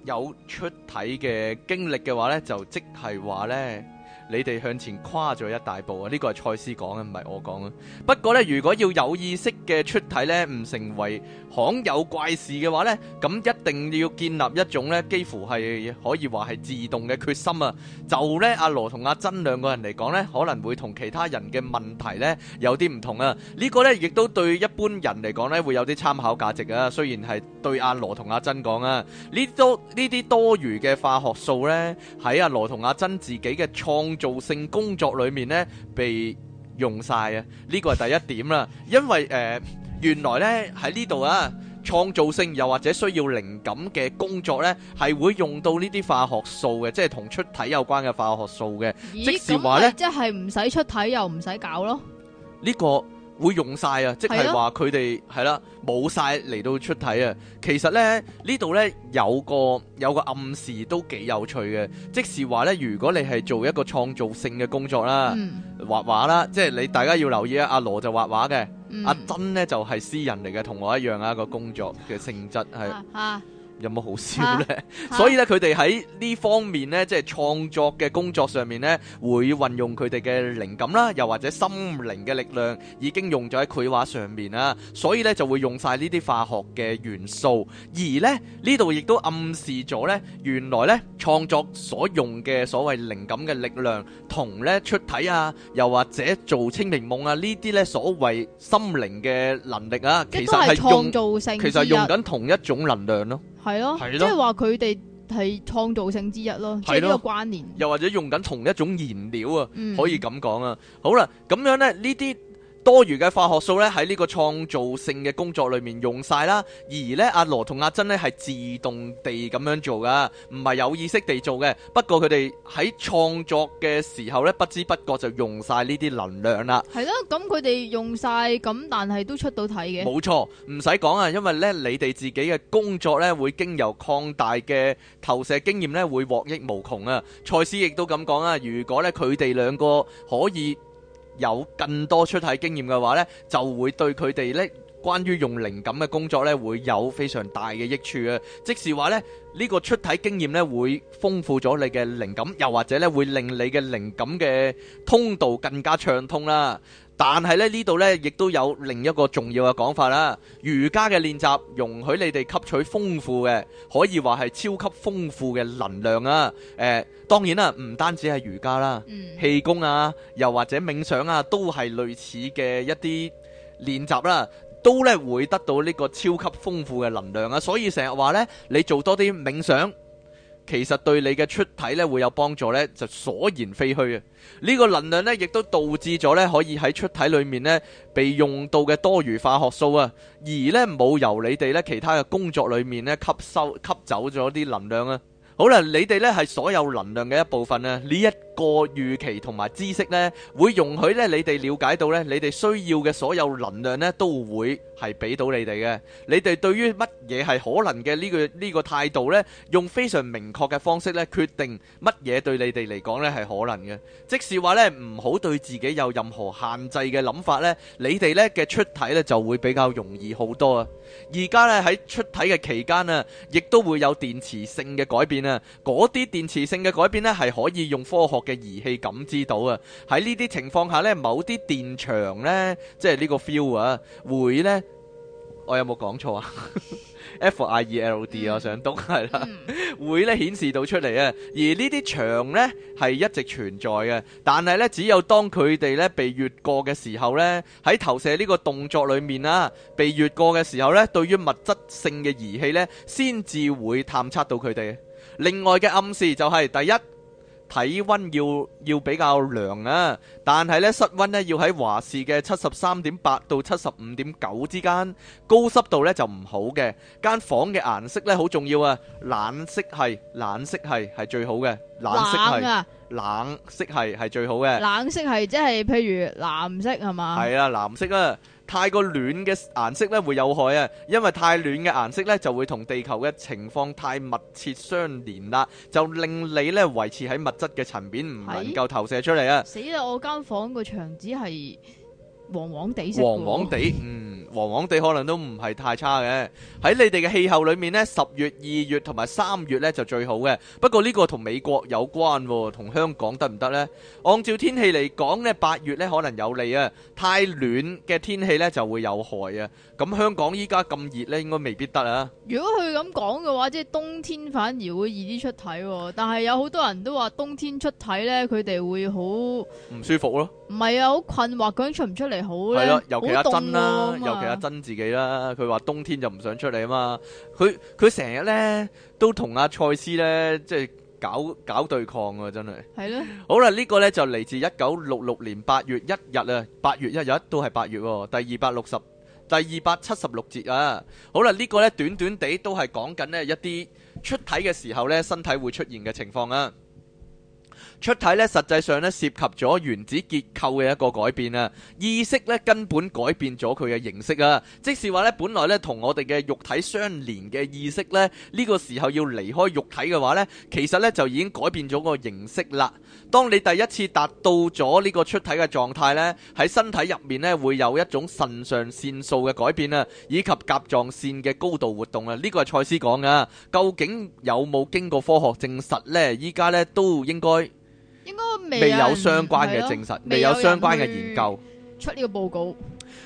有出體嘅經歷嘅話咧，就即係話咧。你哋向前跨咗一大步啊！呢個係賽斯講嘅，唔係我講啊。不過咧，如果要有意識嘅出體咧，唔成為罕有怪事嘅話咧，咁一定要建立一種咧，幾乎係可以話係自動嘅決心啊。就咧，阿羅同阿珍兩個人嚟講咧，可能會同其他人嘅問題咧有啲唔同啊。這個、呢個咧亦都對一般人嚟講咧會有啲參考價值啊。雖然係對阿羅同阿珍講啊，呢都呢啲多餘嘅化學素咧，喺阿羅同阿珍自己嘅創造性工作裏面呢，被用晒啊，呢個係第一點啦。因為誒、呃，原來呢，喺呢度啊，創造性又或者需要靈感嘅工作呢，係會用到呢啲化學素嘅，即係同出體有關嘅化學素嘅。咦即時話呢，即係唔使出體又唔使搞咯。呢、呢個。會用晒啊！即係話佢哋係啦，冇晒嚟到出體啊！其實咧呢度咧有個有個暗示都幾有趣嘅，即是話咧，如果你係做一個創造性嘅工作啦，嗯、畫畫啦，即係你大家要留意啊！阿羅就畫畫嘅，嗯、阿珍咧就係、是、私人嚟嘅，同我一樣啊，個工作嘅性質係。 <music> 啊啊有冇好笑呢？啊啊、所以咧，佢哋喺呢方面呢，即係創作嘅工作上面呢，會運用佢哋嘅靈感啦，又或者心靈嘅力量，已經用咗喺繪畫上面啦。所以呢，就會用晒呢啲化學嘅元素。而呢，呢度亦都暗示咗呢，原來呢，創作所用嘅所謂靈感嘅力量，同呢出體啊，又或者做清明夢啊呢啲呢所謂心靈嘅能力啊，其實係用，其實用緊同一種能量咯。係咯，啊啊、即係話佢哋係創造性之一咯，有呢、啊、個關聯，又或者用緊同一種燃料啊，嗯、可以咁講啊。好啦，咁樣咧呢啲多餘嘅化學素咧喺呢個創造性嘅工作裏面用晒啦，而呢阿羅同阿珍呢，係自動地咁樣做噶，唔係有意識地做嘅。不過佢哋喺創作嘅時候呢，不知不覺就用晒呢啲能量啦。係咯，咁佢哋用晒咁，但係都出到體嘅。冇錯，唔使講啊，因為呢你哋自己嘅工作呢，會經由擴大嘅投射經驗呢，會獲益無窮啊。賽斯亦都咁講啊，如果呢佢哋兩個可以，有更多出體經驗嘅話呢，就會對佢哋呢，關於用靈感嘅工作呢，會有非常大嘅益處啊！即是話呢，呢個出體經驗呢，會豐富咗你嘅靈感，又或者呢，會令你嘅靈感嘅通道更加暢通啦。但係咧，呢度呢，亦都有另一個重要嘅講法啦。瑜伽嘅練習容許你哋吸取豐富嘅，可以話係超級豐富嘅能量啊！誒、呃，當然啦、啊，唔單止係瑜伽啦，嗯、氣功啊，又或者冥想啊，都係類似嘅一啲練習啦、啊，都咧會得到呢個超級豐富嘅能量啊！所以成日話呢，你做多啲冥想，其實對你嘅出體咧會有幫助呢就所言非虛啊！呢個能量呢，亦都導致咗咧可以喺出體裏面咧被用到嘅多餘化學素啊，而呢，冇由你哋咧其他嘅工作裏面咧吸收吸走咗啲能量啊！好啦，你哋呢係所有能量嘅一部分啊，呢一。個預期同埋知識咧，會容許咧你哋了解到咧，你哋需要嘅所有能量咧，都會係俾到你哋嘅。你哋對於乜嘢係可能嘅呢個呢個態度咧，用非常明確嘅方式咧，決定乜嘢對你哋嚟講咧係可能嘅。即使話咧唔好對自己有任何限制嘅諗法咧，你哋咧嘅出體咧就會比較容易好多啊。而家咧喺出體嘅期間啊，亦都會有電磁性嘅改變啊。嗰啲電磁性嘅改變咧係可以用科學。嘅儀器感知到啊，喺呢啲情況下呢，某啲電場呢，即係呢個 feel 啊，會呢，我有冇講錯啊？F I E L D 啊， <laughs> I E L D, 我想都係啦， <laughs> 會呢顯示到出嚟啊。而呢啲場呢，係一直存在嘅，但係呢，只有當佢哋呢被越過嘅時候呢，喺投射呢個動作裏面啊，被越過嘅時候呢，對於物質性嘅儀器呢，先至會探測到佢哋。另外嘅暗示就係、是、第一。體温要要比較涼啊，但係咧室温咧要喺華氏嘅七十三點八到七十五點九之間，高濕度咧就唔好嘅。間房嘅顏色咧好重要啊，冷色係冷色係係最好嘅，冷色係冷色係係最好嘅。冷色係即係譬如藍色係嘛？係啊，藍色啊。太過暖嘅顏色咧會有害啊，因為太暖嘅顏色咧就會同地球嘅情況太密切相連啦，就令你咧維持喺物質嘅層面唔是能夠投射出嚟啊！死啦！我間房個牆紙係。黃黃地色、黃黃地，嗯，黃黃地可能都唔係太差嘅。喺你哋嘅氣候裏面呢，十月、二月同埋三月呢就最好嘅。不過呢個同美國有關，同香港得唔得呢？按照天氣嚟講呢，八月呢可能有利啊，太暖嘅天氣呢就會有害啊。咁香港依家咁熱呢，應該未必得啊。如果佢咁講嘅話，即係冬天反而會易啲出體，但係有好多人都話冬天出體呢，佢哋會好唔舒服咯。唔係啊，困出出好困惑，究竟出唔出嚟好咧，好凍啊尤其阿珍啦，啊、尤其阿珍自己啦，佢話冬天就唔想出嚟啊嘛。佢佢成日咧都同阿賽斯咧，即係搞搞對抗啊，真係。係咯呢。好啦，呢、這個咧就嚟自一九六六年八月一日啊，八月一日都係八月、哦，第二百六十第二百七十六節啊。好啦，這個、呢個咧短短地都係講緊呢一啲出體嘅時候咧身體會出現嘅情況啊。出體咧，實際上咧涉及咗原子結構嘅一個改變啊！意識咧根本改變咗佢嘅形式啊！即是話咧，本來咧同我哋嘅肉體相連嘅意識咧，呢個時候要離開肉體嘅話咧，其實咧就已經改變咗個形式啦。當你第一次達到咗呢個出體嘅狀態咧，喺身體入面咧會有一種腎上腺素嘅改變啊，以及甲狀腺嘅高度活動啊！呢個係賽斯講嘅，究竟有冇經過科學證實呢？依家呢，都應該。應該未有相關嘅證實，了未有相關嘅研究出呢個報告，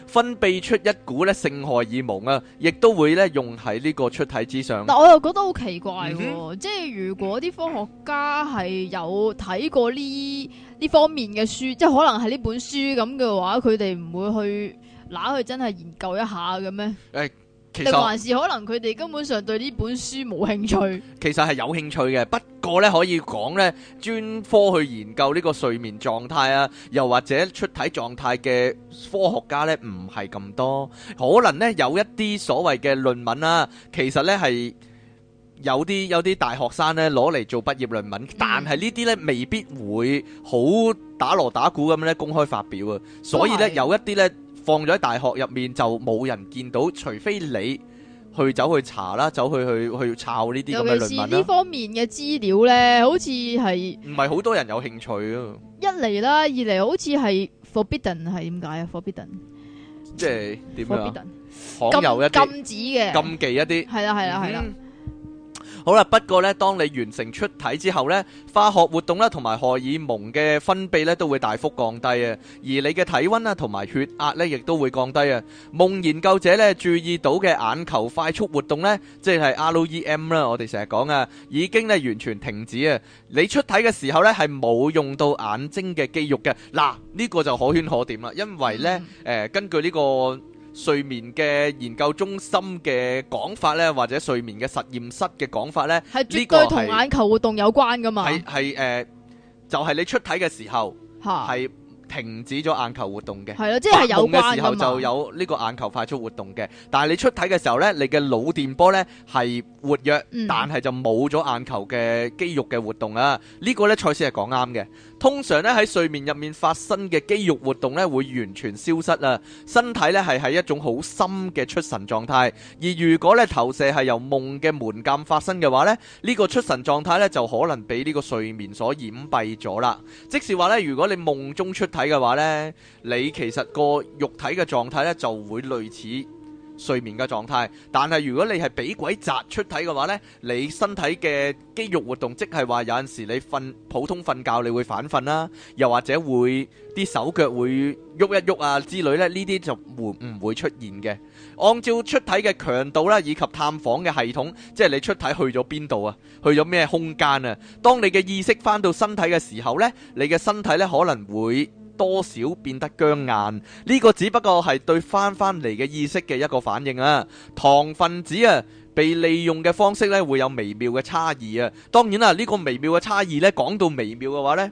分泌出一股咧性荷爾蒙啊，亦都會咧用喺呢個出體之上。但我又覺得好奇怪，哦，嗯、哼即係如果啲科學家係有睇過呢呢方面嘅書，即係可能係呢本書咁嘅話，佢哋唔會去攞去真係研究一下嘅咩？欸其實還是可能佢哋根本上對呢本書冇興趣。其實係有興趣嘅，不過呢可以講呢，專科去研究呢個睡眠狀態啊，又或者出體狀態嘅科學家呢唔係咁多。可能呢有一啲所謂嘅論文啦，其實呢係有啲有啲大學生呢攞嚟做畢業論文，但係呢啲呢未必會好打鑼打鼓咁樣呢公開發表啊。所以呢有一啲呢。放咗喺大學入面就冇人見到，除非你去走去查啦，走去去去抄呢啲咁嘅論文啦。尤其是呢方面嘅資料咧，好似係唔係好多人有興趣啊？一嚟啦，二嚟好似係 forbidden，係點解啊？forbidden 即係點、yeah，啊？禁，有一啲禁止嘅禁忌一啲係啦，係啦，係啦、啊。好啦，不過咧，當你完成出體之後咧，化學活動啦，同埋荷爾蒙嘅分泌咧，都會大幅降低啊。而你嘅體溫啊，同埋血壓咧，亦都會降低啊。夢研究者咧，注意到嘅眼球快速活動咧，即係 R E M 啦，我哋成日講啊，已經咧完全停止啊。你出體嘅時候咧，係冇用到眼睛嘅肌肉嘅。嗱，呢個就可圈可點啦，因為咧，誒、嗯呃，根據呢個。睡眠嘅研究中心嘅講法咧，或者睡眠嘅實驗室嘅講法咧，係絕對同眼球活動有關噶嘛？係係誒，就係、是、你出體嘅時候係。哈停止咗眼球活動嘅，係咯，即係夢嘅時候就有呢個眼球快速活動嘅，但係你出體嘅時候咧，你嘅腦電波咧係活躍，嗯、但係就冇咗眼球嘅肌肉嘅活動啦。這個、呢個咧賽斯係講啱嘅。通常咧喺睡眠入面發生嘅肌肉活動咧會完全消失啊，身體咧係喺一種好深嘅出神狀態，而如果咧投射係由夢嘅門檻發生嘅話咧，呢、這個出神狀態咧就可能俾呢個睡眠所掩蔽咗啦。即是話咧，如果你夢中出體嘅話咧，你其實個肉體嘅狀態咧就會類似睡眠嘅狀態。但係如果你係俾鬼砸出體嘅話呢，你身體嘅肌肉活動，即係話有陣時你瞓普通瞓覺你會反瞓啦，又或者會啲手腳會喐一喐啊之類咧，呢啲就唔唔會出現嘅。按照出體嘅強度啦，以及探訪嘅系統，即係你出體去咗邊度啊，去咗咩空間啊？當你嘅意識翻到身體嘅時候呢，你嘅身體呢可能會。多少變得僵硬。呢個只不過係對翻翻嚟嘅意識嘅一個反應啊！糖分子啊，被利用嘅方式呢，會有微妙嘅差異啊！當然啦，呢個微妙嘅差異呢，講到微妙嘅話呢，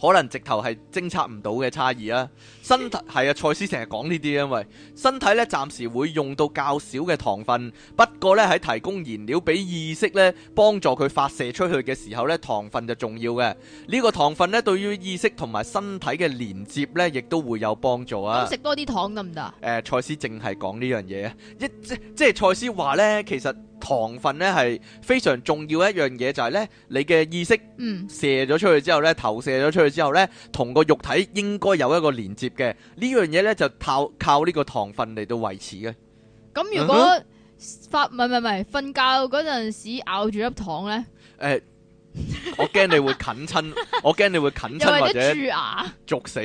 可能直頭係偵察唔到嘅差異啊！身體係啊，賽斯成日講呢啲，因為身體咧暫時會用到較少嘅糖分，不過咧喺提供燃料俾意識咧幫助佢發射出去嘅時候咧，糖分就重要嘅。呢、這個糖分咧對於意識同埋身體嘅連接咧，亦都會有幫助啊！食多啲糖得唔得？誒、呃，賽斯淨係講呢樣嘢，一即即係賽斯話咧，其實糖分咧係非常重要一樣嘢，就係、是、咧你嘅意識嗯射咗出去之後咧，投、嗯、射咗出去之後咧，同個肉體應該有一個連接。嘅呢樣嘢咧就靠靠呢個糖分嚟到維持嘅。咁如果、uh huh. 發唔係唔係唔係，瞓覺嗰陣時咬住粒糖咧，誒、欸， <laughs> 我驚你會啃親， <laughs> 我驚你會啃親或者蛀牙，蛀 <laughs> 死。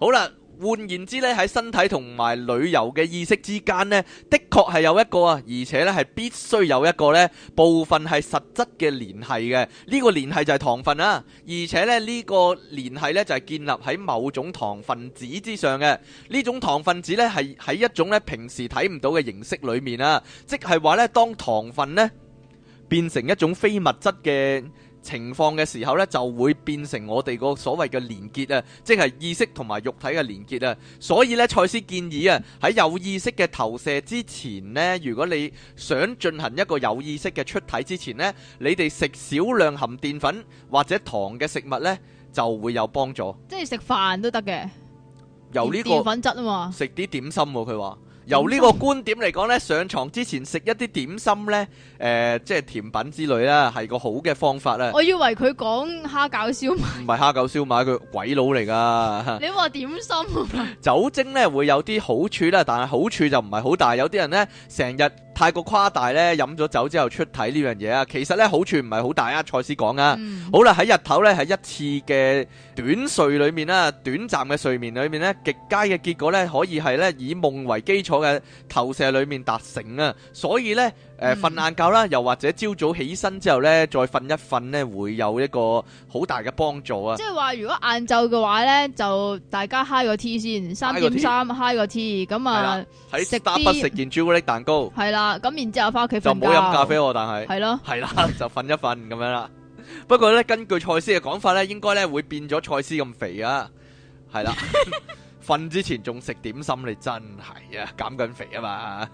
好啦。換言之咧，喺身體同埋旅遊嘅意識之間呢，的確係有一個啊，而且咧係必須有一個咧部分係實質嘅聯繫嘅。呢個聯繫就係糖分啊，而且咧呢個聯繫咧就係建立喺某種糖分子之上嘅。呢種糖分子咧係喺一種咧平時睇唔到嘅形式裏面啊，即係話咧當糖分呢變成一種非物質嘅。情況嘅時候呢，就會變成我哋個所謂嘅連結啊，即係意識同埋肉體嘅連結啊。所以呢，賽斯建議啊，喺有意識嘅投射之前呢，如果你想進行一個有意識嘅出體之前呢，你哋食少量含澱粉或者糖嘅食物呢，就會有幫助。即係食飯都得嘅，由呢個澱粉質啊嘛，食啲點，點心喎，佢話。由呢個觀點嚟講呢，上床之前食一啲點心呢，誒、呃，即係甜品之類啦，係個好嘅方法啦。我以為佢講蝦餃燒賣，唔係蝦餃燒賣，佢鬼佬嚟㗎。 <laughs> 你話點心 <laughs> 酒精呢會有啲好處啦，但係好處就唔係好大。有啲人呢，成日。太過誇大咧，飲咗酒之後出體呢樣嘢啊！其實咧好處唔係好大啊！蔡司講啊，嗯、好啦，喺日頭咧係一次嘅短睡裏面啦，短暫嘅睡眠裏面咧，極佳嘅結果咧可以係咧以夢為基礎嘅投射裏面達成啊！所以咧。誒，瞓晏、呃嗯、覺啦，又或者朝早起身之後咧，再瞓一瞓咧，會有一個好大嘅幫助啊！即係話如果晏晝嘅話咧，就大家 high 個 tea 先，三點三 high 個 tea，咁啊，食單不食件朱古力蛋糕，係啦，咁然之後翻屋企就唔好飲咖啡喎、啊，但係係咯，係啦，啦，就瞓一瞓咁樣啦。 <laughs> 不過咧，根據蔡司嘅講法咧，應該咧會變咗蔡司咁肥啊，係啦。 <laughs> <laughs> 瞓之前仲食點心，你真係啊，減緊肥啊嘛！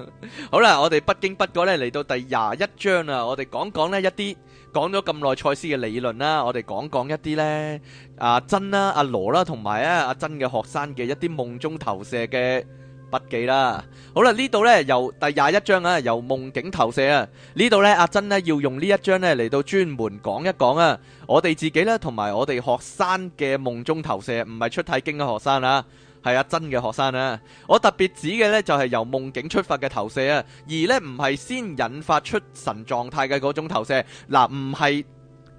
好啦，我哋不經不覺咧嚟到第廿一章啦，我哋講講呢一啲講咗咁耐賽斯嘅理論啦，我哋講講一啲呢，阿珍啦，阿羅啦，同埋啊阿珍嘅學生嘅一啲夢中投射嘅筆記啦。好啦，呢度呢，由第廿一章啊，由夢境投射啊，呢度呢，阿珍呢，要用呢一張呢嚟到專門講一講啊，我哋自己呢，同埋我哋學生嘅夢中投射，唔係出太經嘅學生啊。係啊，真嘅學生啊！我特別指嘅呢就係、是、由夢境出發嘅投射啊，而呢唔係先引發出神狀態嘅嗰種投射，嗱唔係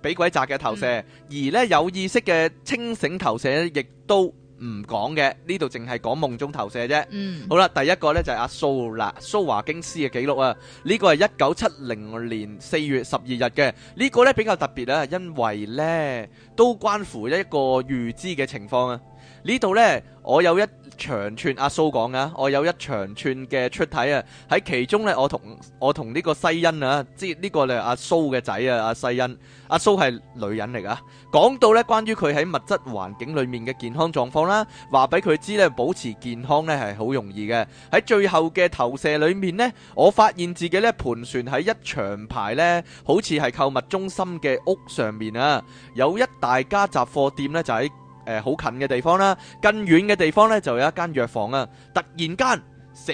俾鬼砸嘅投射，嗯、而呢有意識嘅清醒投射咧，亦都唔講嘅。呢度淨係講夢中投射啫。嗯。好啦，第一個呢就係阿蘇啦，蘇華京斯嘅記錄啊，呢個係一九七零年四月十二日嘅。呢、這個呢比較特別啦、啊，因為呢都關乎一個預知嘅情況啊。呢度呢，我有一長串阿蘇講啊。我有一長串嘅出體啊！喺其中呢，我同我同呢個西恩啊，即呢個咧阿蘇嘅仔啊，阿西恩，阿蘇係女人嚟啊！講到呢，關於佢喺物質環境裡面嘅健康狀況啦，話俾佢知呢，保持健康呢係好容易嘅。喺最後嘅投射裡面呢，我發現自己呢盤旋喺一長排呢，好似係購物中心嘅屋上面啊，有一大家雜貨店呢，就喺。誒，好、呃、近嘅地方啦，更遠嘅地方呢，就有一間藥房啊。突然間，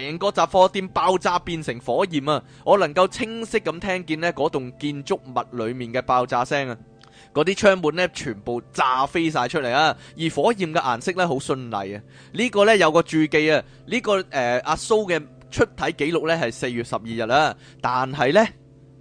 成個雜貨店爆炸，變成火焰啊！我能夠清晰咁聽見呢嗰棟建築物裏面嘅爆炸聲啊，嗰啲窗門呢，全部炸飛晒出嚟啊。而火焰嘅顏色順、這個個這個呃 so、呢，好絢麗啊。呢個呢，有個注記啊，呢個誒阿蘇嘅出體記錄呢，係四月十二日啦，但係呢。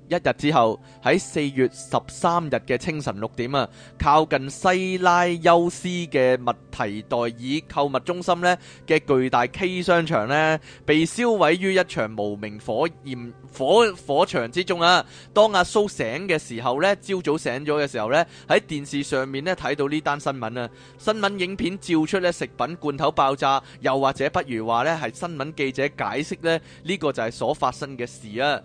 一日之後，喺四月十三日嘅清晨六點啊，靠近西拉休斯嘅麥提代爾購物中心呢嘅巨大 K 商場呢，被燒毀於一場無名火焰火火場之中啊！當阿蘇醒嘅時候呢，朝早醒咗嘅時候呢，喺電視上面呢睇到呢單新聞啊！新聞影片照出呢食品罐頭爆炸，又或者不如話呢係新聞記者解釋呢，呢個就係所發生嘅事啊！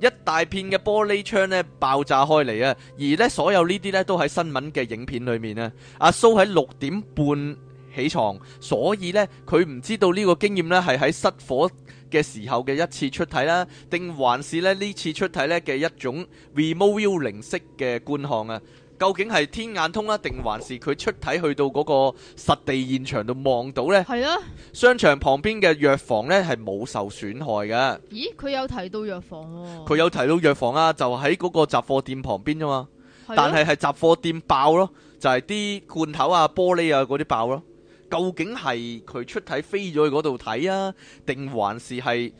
一大片嘅玻璃窗咧爆炸開嚟啊！而咧所有呢啲咧都喺新聞嘅影片裏面咧，阿蘇喺六點半起床，所以咧佢唔知道呢個經驗咧係喺失火嘅時候嘅一次出體啦，定還是咧呢次出體咧嘅一種 remote viewing 式嘅觀看啊！究竟係天眼通啊，定還是佢出體去到嗰個實地現場度望到呢？係啊，商場旁邊嘅藥房呢係冇受損害嘅。咦，佢有提到藥房喎、哦？佢有提到藥房啊，就喺嗰個雜貨店旁邊啫嘛。但係係雜貨店爆咯，就係、是、啲罐頭啊、玻璃啊嗰啲爆咯。究竟係佢出體飛咗去嗰度睇啊，定還是係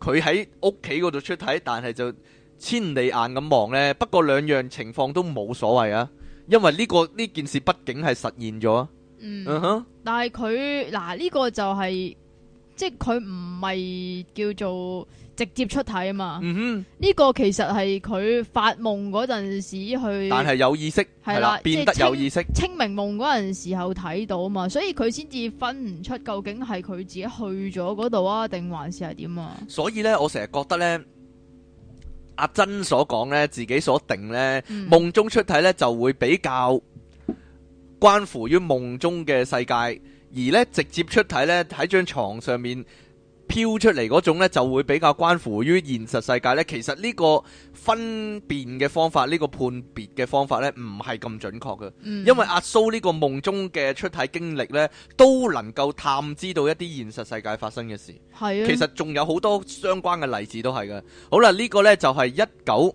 佢喺屋企嗰度出體，但係就？千里眼咁望呢，不過兩樣情況都冇所謂啊，因為呢、這個呢件事畢竟係實現咗啊。嗯，uh、huh，但係佢嗱呢個就係、是、即係佢唔係叫做直接出體啊嘛。嗯哼，呢個其實係佢發夢嗰陣時去，但係有意識係啦，的的變得有意識。清，清明夢嗰陣時候睇到啊嘛，所以佢先至分唔出究竟係佢自己去咗嗰度啊，定還是係點啊？所以呢，我成日覺得呢。阿珍所講咧，自己所定咧，夢中出體咧就會比較關乎於夢中嘅世界，而咧直接出體咧喺張床上面。標出嚟嗰種呢，就會比較關乎於現實世界呢。其實呢個分辨嘅方法，呢個判別嘅方法呢，唔係咁準確嘅。因為阿蘇呢個夢中嘅出體經歷呢，都能夠探知到一啲現實世界發生嘅事。啊、其實仲有好多相關嘅例子都係嘅。好啦，呢個呢，就係一九。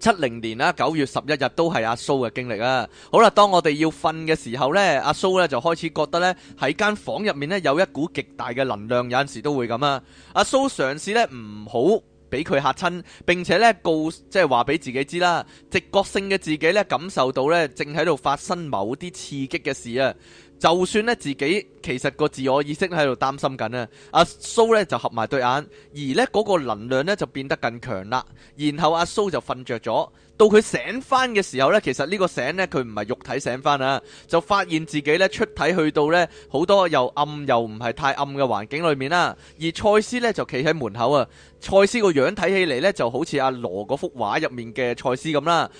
七零年啦，九月十一日都係阿蘇嘅經歷啊！好啦，當我哋要瞓嘅時候呢，阿蘇呢就開始覺得呢喺間房入面呢有一股極大嘅能量，有陣時都會咁啊！阿蘇嘗試呢唔好俾佢嚇親，並且呢告，即係話俾自己知啦，直覺性嘅自己呢感受到呢正喺度發生某啲刺激嘅事啊！就算咧自己其實個自我意識喺度擔心緊啊，阿蘇咧就合埋對眼，而呢嗰個能量呢就變得更強啦。然後阿蘇就瞓着咗，到佢醒翻嘅時候呢，其實呢個醒呢，佢唔係肉體醒翻啊，就發現自己呢出體去到呢好多又暗又唔係太暗嘅環境裏面啦。而賽斯呢就企喺門口啊，賽斯個樣睇起嚟呢就好似阿羅嗰幅畫入面嘅賽斯咁啦。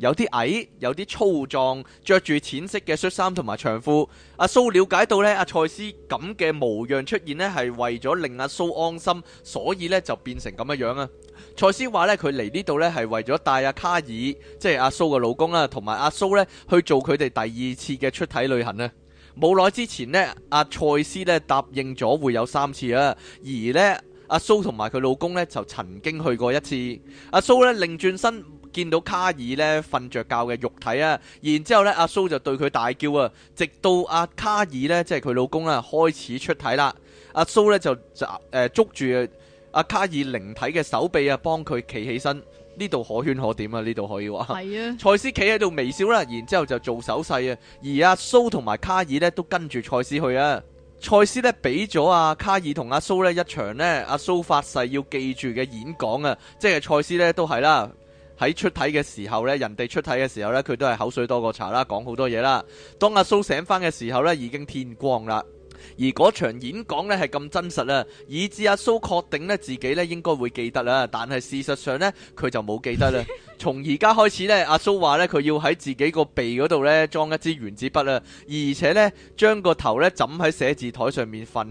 有啲矮，有啲粗壯，着住淺色嘅恤衫同埋長褲。阿蘇了解到呢，阿賽斯咁嘅模樣出現呢，係為咗令阿蘇安心，所以呢，就變成咁樣樣啊。賽斯話呢，佢嚟呢度呢，係為咗帶阿卡爾，即係阿蘇嘅老公啊，同埋阿蘇呢去做佢哋第二次嘅出體旅行啊。冇耐之前呢，阿賽斯呢，答應咗會有三次啊，而呢，阿蘇同埋佢老公呢，就曾經去過一次。阿蘇呢，另轉身。見到卡爾咧瞓着覺嘅肉體啊，然之後咧，阿蘇就對佢大叫啊，直到阿、啊、卡爾咧，即係佢老公啊，開始出體啦。阿蘇咧就就誒、呃、捉住阿、啊、卡爾靈體嘅手臂啊，幫佢企起身。呢度可圈可點啊，呢度可以話係啊。賽斯企喺度微笑啦，然之後就做手勢啊。而阿、啊、蘇同埋卡爾咧都跟住賽斯去啊。賽斯咧俾咗阿卡爾同阿、啊、蘇咧一場咧，阿、啊、蘇發誓要記住嘅演講啊，即係賽斯咧都係啦。喺出體嘅時候呢，人哋出體嘅時候呢，佢都係口水多過茶啦，講好多嘢啦。當阿蘇醒返嘅時候呢，已經天光啦。而嗰場演講呢係咁真實啦，以致阿蘇確定呢自己呢應該會記得啦。但係事實上呢，佢就冇記得啦。從而家開始呢，阿蘇話呢，佢要喺自己個鼻嗰度呢裝一支原子筆啦，而且呢將個頭呢枕喺寫字枱上面瞓，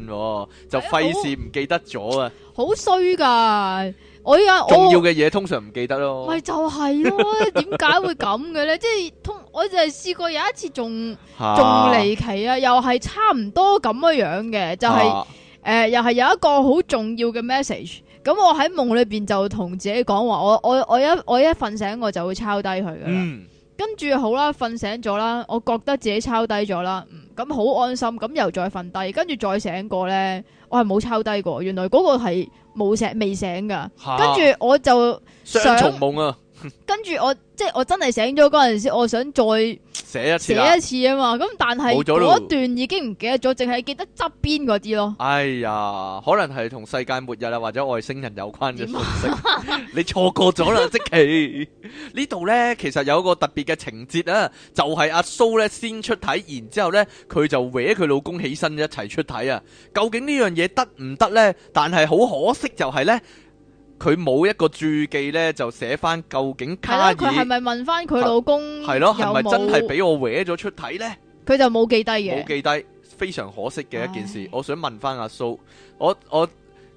就費事唔記得咗啊、哎！好衰㗎～我而家，重要嘅嘢我通常唔記得咯。咪就係咯，點解會咁嘅咧？即係通，我就係試過有一次仲仲離奇啊，又係差唔多咁嘅樣嘅，就係、是、誒、啊呃，又係有一個好重要嘅 message。咁我喺夢裏邊就同自己講話，我我我一我一瞓醒我就會抄低佢噶啦。嗯、跟住好啦，瞓醒咗啦，我覺得自己抄低咗啦，咁、嗯、好安心。咁又再瞓低，跟住再醒過咧，我係冇抄低過。原來嗰個係。冇醒，未醒噶。跟住我就想夢啊。跟住我。即係我真係醒咗嗰陣時，我想再寫一次寫一次啊嘛，咁但係嗰段已經唔記得咗，淨係記得側邊嗰啲咯。哎呀，可能係同世界末日啊或者外星人有關嘅信息，樣啊、 <laughs> <laughs> 你錯過咗啦， <laughs> 即奇。呢度呢，其實有一個特別嘅情節啊，就係、是、阿蘇咧先出體，然之後咧佢就搲佢老公起身一齊出體啊。究竟呢樣嘢得唔得呢？但係好可惜就係呢。佢冇一個注記咧，就寫翻究竟。係咯、啊，佢係咪問翻佢老公有有？係咯，係咪真係俾我歪咗出體咧？佢就冇記低嘅。冇記低，非常可惜嘅一件事。唉我想問翻阿蘇，我我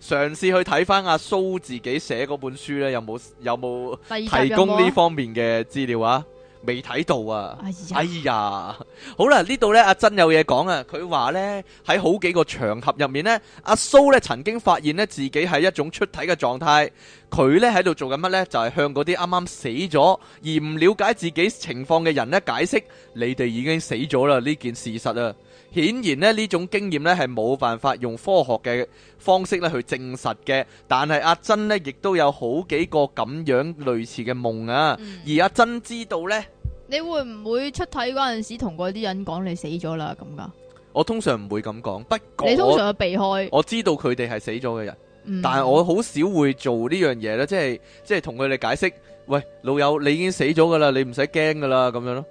嘗試去睇翻阿蘇自己寫嗰本書咧，有冇有冇提供呢方面嘅資料啊？未睇到啊！哎呀，好啦，呢度呢，阿珍有嘢講啊！佢話呢，喺好幾個場合入面呢，阿蘇呢曾經發現呢，自己係一種出體嘅狀態，佢呢喺度做緊乜呢？就係、是、向嗰啲啱啱死咗而唔了解自己情況嘅人呢解釋：你哋已經死咗啦呢件事實啊！顯然咧，呢種經驗咧係冇辦法用科學嘅方式咧去證實嘅。但係阿珍咧，亦都有好幾個咁樣類似嘅夢啊。而阿珍知道咧，你會唔會出體嗰陣時同嗰啲人講你死咗啦咁噶？我通常唔會咁講，不過你通常去避開。我知道佢哋係死咗嘅人，但係我好少會做呢樣嘢咧，即係即係同佢哋解釋：喂，老友，你已經死咗噶啦，你唔使驚噶啦，咁樣咯。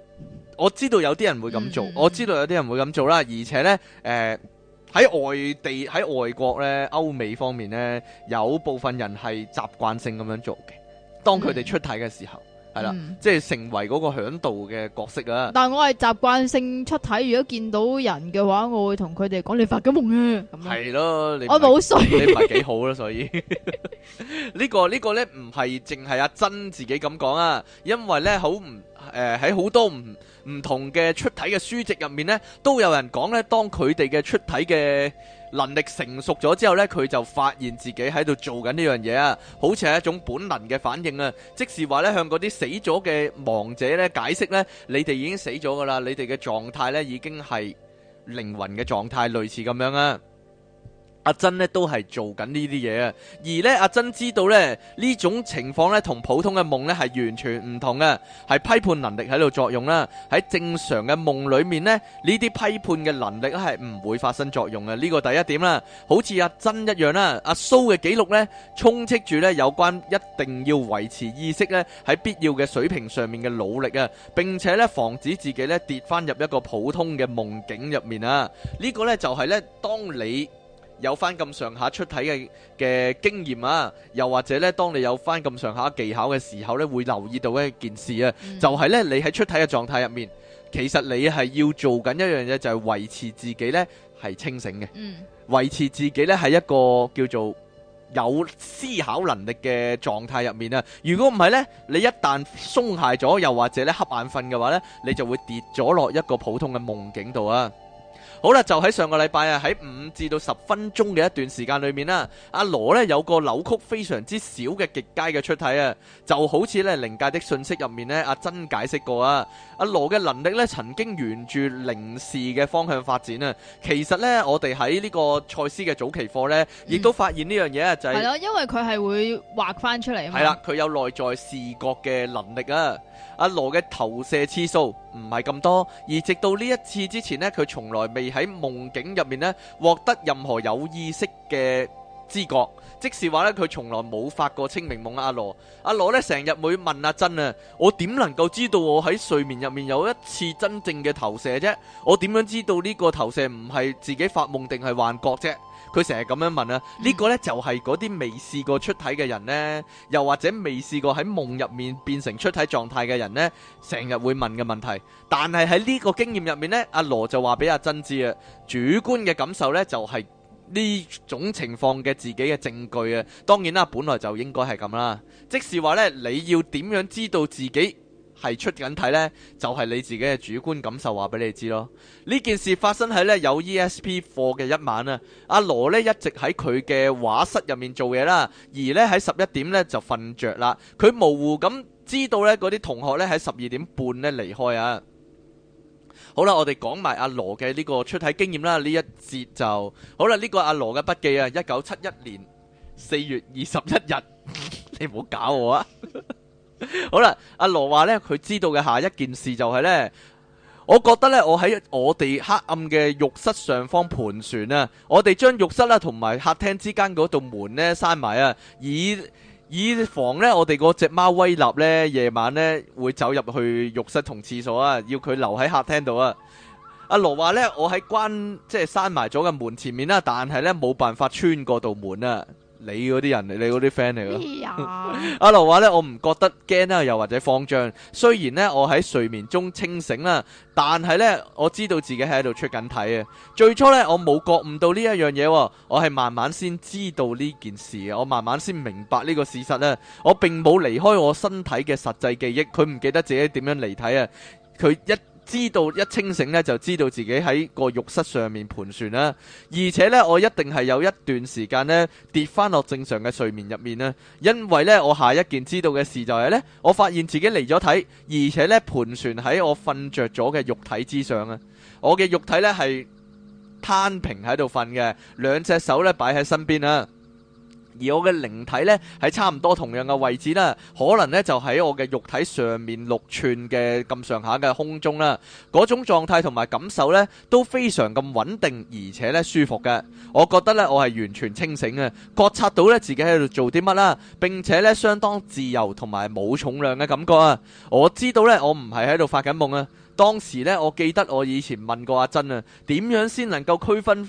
我知道有啲人會咁做，嗯、我知道有啲人會咁做啦，而且呢，誒、呃、喺外地喺外國呢，歐美方面呢，有部分人係習慣性咁樣做嘅。當佢哋出體嘅時候，係、嗯、啦，即係成為嗰個響度嘅角色啊。但我係習慣性出體，如果見到人嘅話，我會同佢哋講：你發緊夢啊！咁係咯，我唔係好衰，你唔係幾好啦。所以呢、 <laughs> <laughs> <laughs> 呢個呢、呢個呢，唔係淨係阿珍自己咁講啊，因為呢，好唔誒喺好多唔。唔同嘅出體嘅書籍入面呢，都有人講咧，當佢哋嘅出體嘅能力成熟咗之後呢，佢就發現自己喺度做緊呢樣嘢啊，好似係一種本能嘅反應啊，即是話呢，向嗰啲死咗嘅亡者呢解釋呢，你哋已經死咗㗎喇，你哋嘅狀態呢已經係靈魂嘅狀態，類似咁樣啊。阿珍呢都係做緊呢啲嘢啊，而呢阿珍知道呢呢種情況呢同普通嘅夢呢係完全唔同嘅，係批判能力喺度作用啦。喺正常嘅夢裏面呢，呢啲批判嘅能力呢係唔會發生作用嘅。呢個第一點啦，好似阿珍一樣啦，阿蘇嘅記錄呢充斥住呢有關一定要維持意識呢喺必要嘅水平上面嘅努力啊，並且呢防止自己呢跌翻入一個普通嘅夢境入面啊。呢個呢就係呢當你。有翻咁上下出體嘅嘅經驗啊，又或者咧，當你有翻咁上下技巧嘅時候咧，會留意到一件事啊，就係咧，你喺出體嘅狀態入面，其實你係要做緊一樣嘢，就係維持自己咧係清醒嘅，嗯、維持自己咧係一個叫做有思考能力嘅狀態入面啊。如果唔係咧，你一旦鬆懈咗，又或者咧瞌眼瞓嘅話咧，你就會跌咗落一個普通嘅夢境度啊。好啦，就喺上個禮拜啊，喺五至到十分鐘嘅一段時間裏面啦、啊，阿羅咧有個扭曲非常之少嘅極佳嘅出體啊，就好似咧靈界的信息入面咧，阿、啊、珍解釋過啊，阿羅嘅能力咧曾經沿住靈視嘅方向發展啊，其實咧我哋喺呢個賽斯嘅早期課咧，亦都發現呢樣嘢就係、是，係咯、嗯，因為佢係會畫翻出嚟啊，係啦，佢有內在視覺嘅能力啊。阿羅嘅投射次數唔係咁多，而直到呢一次之前呢，佢從來未喺夢境入面呢獲得任何有意識嘅知覺，即是話呢，佢從來冇發過清明夢。阿羅，阿羅呢，成日會問阿珍：「啊，我點能夠知道我喺睡眠入面有一次真正嘅投射啫？我點樣知道呢個投射唔係自己發夢定係幻覺啫？」佢成日咁樣問啊，呢個呢就係嗰啲未試過出體嘅人呢，又或者未試過喺夢入面變成出體狀態嘅人呢，成日會問嘅問題。但係喺呢個經驗入面呢，阿羅就話俾阿珍知啊，主觀嘅感受呢就係呢種情況嘅自己嘅證據啊。當然啦，本來就應該係咁啦。即使話呢，你要點樣知道自己係出緊體呢，就係、是、你自己嘅主觀感受話俾你知咯。呢件事發生喺咧有 E S P 課嘅一晚啊呢，阿羅咧一直喺佢嘅畫室入面做嘢啦，而呢喺十一點呢就瞓着啦。佢模糊咁知道呢嗰啲同學呢喺十二點半咧離開啊。好啦，我哋講埋阿、啊、羅嘅呢個出體經驗啦。呢一節就好啦。呢、這個阿、啊、羅嘅筆記啊，一九七一年四月二十一日， <laughs> 你唔好搞我啊！ <laughs> <laughs> 好啦，阿羅話呢，佢知道嘅下一件事就係呢。我覺得呢，我喺我哋黑暗嘅浴室上方盤旋啊，我哋將浴室啦同埋客廳之間嗰道門呢閂埋啊，以以防呢我哋嗰隻貓威立呢夜晚呢會走入去浴室同廁所啊，要佢留喺客廳度啊。阿羅話呢，我喺關即係閂埋咗嘅門前面啦，但係呢冇辦法穿過道門啊。你嗰啲人，你你嗰啲 friend 嚟嘅。阿羅話咧，我唔覺得驚啦，又或者慌張。雖然咧，我喺睡眠中清醒啦，但係咧，我知道自己喺度出緊體啊。最初咧，我冇覺悟到呢一樣嘢，我係慢慢先知道呢件事嘅，我慢慢先明白呢個事實咧。我並冇離開我身體嘅實際記憶，佢唔記得自己點樣離體啊，佢一。知道一清醒呢，就知道自己喺個浴室上面盤旋啦。而且呢，我一定係有一段時間呢跌翻落正常嘅睡眠入面啦。因為呢，我下一件知道嘅事就係呢，我發現自己離咗體，而且呢盤旋喺我瞓着咗嘅肉體之上啊。我嘅肉體呢，係攤平喺度瞓嘅，兩隻手呢擺喺身邊啊。而我嘅靈體咧，喺差唔多同樣嘅位置啦，可能咧就喺我嘅肉體上面六寸嘅咁上下嘅空中啦。嗰種狀態同埋感受咧都非常咁穩定，而且咧舒服嘅。我覺得咧我係完全清醒嘅，覺察到咧自己喺度做啲乜啦，並且咧相當自由同埋冇重量嘅感覺啊！我知道咧我唔係喺度發緊夢啊。當時咧我記得我以前問過阿珍啊，點樣先能夠區分？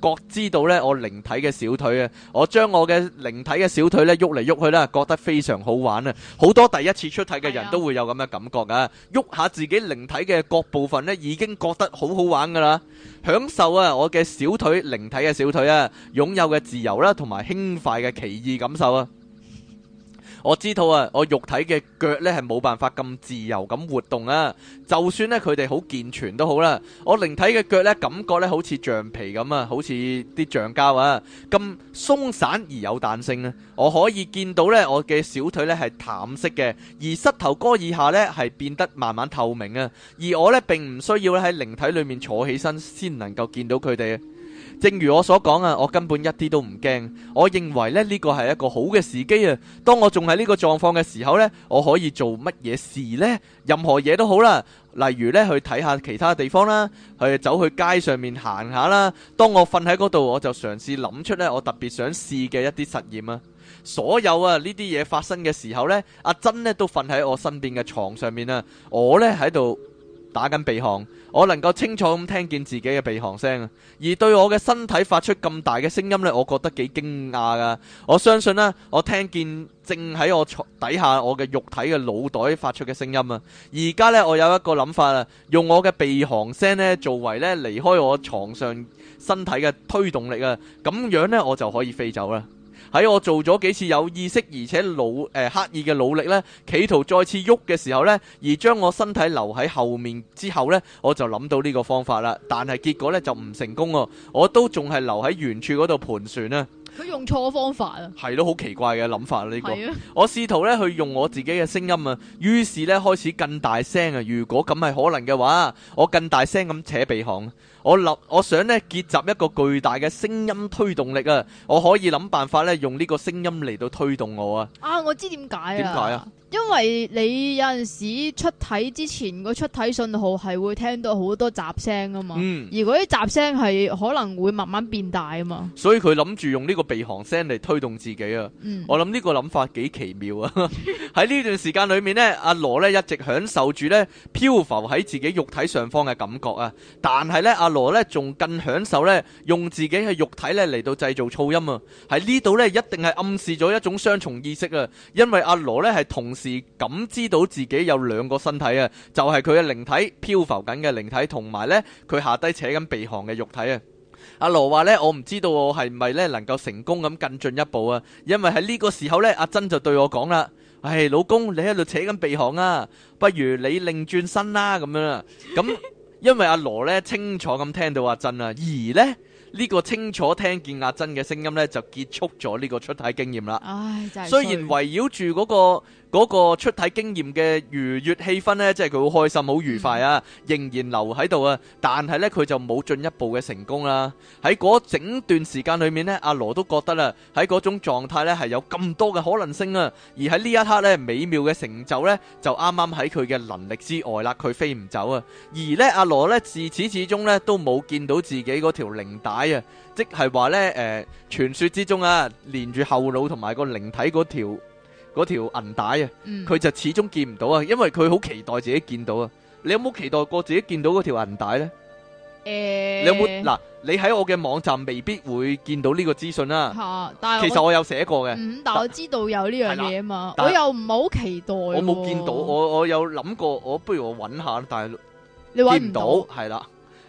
各知道咧，我靈體嘅小腿啊，我將我嘅靈體嘅小腿咧喐嚟喐去啦，覺得非常好玩啊！好多第一次出體嘅人都會有咁嘅感覺啊！喐下自己靈體嘅各部分咧，已經覺得好好玩噶啦，享受啊我嘅小腿靈體嘅小腿啊，擁有嘅自由啦，同埋輕快嘅奇異感受啊！我知道啊，我肉體嘅腳咧係冇辦法咁自由咁活動啊。就算咧佢哋好健全都好啦，我靈體嘅腳咧感覺咧好似橡皮咁啊，好似啲橡膠啊，咁鬆散而有彈性啊。我可以見到咧我嘅小腿咧係淡色嘅，而膝頭哥以下咧係變得慢慢透明啊。而我咧並唔需要咧喺靈體裏面坐起身先能夠見到佢哋啊。正如我所講啊，我根本一啲都唔驚。我認為咧，呢個係一個好嘅時機啊。當我仲喺呢個狀況嘅時候咧，我可以做乜嘢事咧？任何嘢都好啦，例如咧去睇下其他地方啦，去走去街上面行下啦。當我瞓喺嗰度，我就嘗試諗出咧我特別想試嘅一啲實驗啊。所有啊呢啲嘢發生嘅時候咧，阿珍咧都瞓喺我身邊嘅牀上面啊，我咧喺度打緊鼻鼾。我能夠清楚咁聽見自己嘅鼻鼾聲啊，而對我嘅身體發出咁大嘅聲音呢，我覺得幾驚訝噶。我相信呢，我聽見正喺我床底下我嘅肉體嘅腦袋發出嘅聲音啊。而家呢，我有一個諗法啊，用我嘅鼻鼾聲呢作為呢離開我床上身體嘅推動力啊，咁樣呢我就可以飛走啦。喺我做咗幾次有意識而且努誒、呃、刻意嘅努力呢，企圖再次喐嘅時候呢，而將我身體留喺後面之後呢，我就諗到呢個方法啦。但係結果呢，就唔成功喎，我都仲係留喺原處嗰度盤旋啦、啊。佢用錯方法啊！係咯，好奇怪嘅諗法呢、呢個。的我試圖呢去用我自己嘅聲音啊，於是呢開始更大聲啊。如果咁係可能嘅話，我更大聲咁扯鼻鼾。我想咧結集一個巨大嘅聲音推動力啊！我可以諗辦法咧，用呢個聲音嚟到推動我啊！啊，我知點解啊？點解啊？因為你有陣時出體之前個出體信號係會聽到好多雜聲啊嘛，嗯、而嗰啲雜聲係可能會慢慢變大啊嘛，所以佢諗住用呢個鼻鼾聲嚟推動自己啊，嗯、我諗呢個諗法幾奇妙啊！喺呢段時間裏面呢，阿羅呢一直享受住呢漂浮喺自己肉體上方嘅感覺啊，但係呢，阿羅呢仲更享受呢用自己嘅肉體呢嚟到製造噪音啊！喺呢度呢，一定係暗示咗一種雙重意識啊，因為阿羅呢係同。是感知到自己有兩個身體啊，就係佢嘅靈體漂浮緊嘅靈體，同埋呢佢下低扯緊鼻鼾嘅肉體啊。阿羅話呢，我唔知道我係咪呢能夠成功咁更進一步啊，因為喺呢個時候呢，阿珍就對我講啦：唉，老公，你喺度扯緊鼻鼾啊，不如你擰轉身啦，咁樣啊，咁因為阿羅呢，清楚咁聽到阿珍啊，而呢呢個清楚聽見阿珍嘅聲音呢，就結束咗呢個出體經驗啦。唉，雖然圍繞住嗰個。嗰個出體經驗嘅愉悅氣氛呢，即係佢好開心、好愉快啊，仍然留喺度啊。但係呢，佢就冇進一步嘅成功啦。喺嗰整段時間裏面呢，阿羅都覺得啦，喺嗰種狀態呢係有咁多嘅可能性啊。而喺呢一刻呢，美妙嘅成就呢，就啱啱喺佢嘅能力之外啦，佢飛唔走啊。而呢，阿羅呢，自始至終呢，都冇見到自己嗰條靈帶啊，即係話呢，誒，傳說之中啊，連住後腦同埋個靈體嗰條。嗰條銀帶啊，佢、嗯、就始終見唔到啊，因為佢好期待自己見到啊。你有冇期待過自己見到嗰條銀帶咧？誒、欸，你有冇嗱？你喺我嘅網站未必會見到呢個資訊啦、啊啊。但係其實我有寫過嘅、嗯。但我知道有呢樣嘢啊嘛。但的我又唔係好期待。我冇見到，我我有諗過，我不如我揾下啦。但係你見唔到，係啦。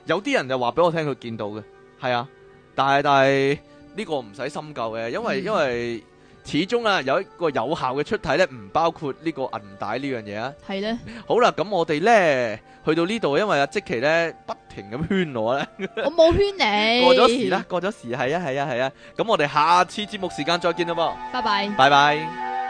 有啲人就話俾我聽，佢見到嘅。係啊，但係但係呢、呢個唔使深究嘅，因為因為。嗯始終啊有一個有效嘅出體咧，唔包括呢個銀帶呢樣嘢啊。係咧呢。好啦，咁、嗯、我哋咧去到呢度，因為啊，即期咧不停咁圈我咧。 <laughs> 我冇圈你。過咗時啦，過咗時，係啊，係啊，係啊。咁、啊嗯、我哋下次節目時間再見啦噃。拜拜。拜拜。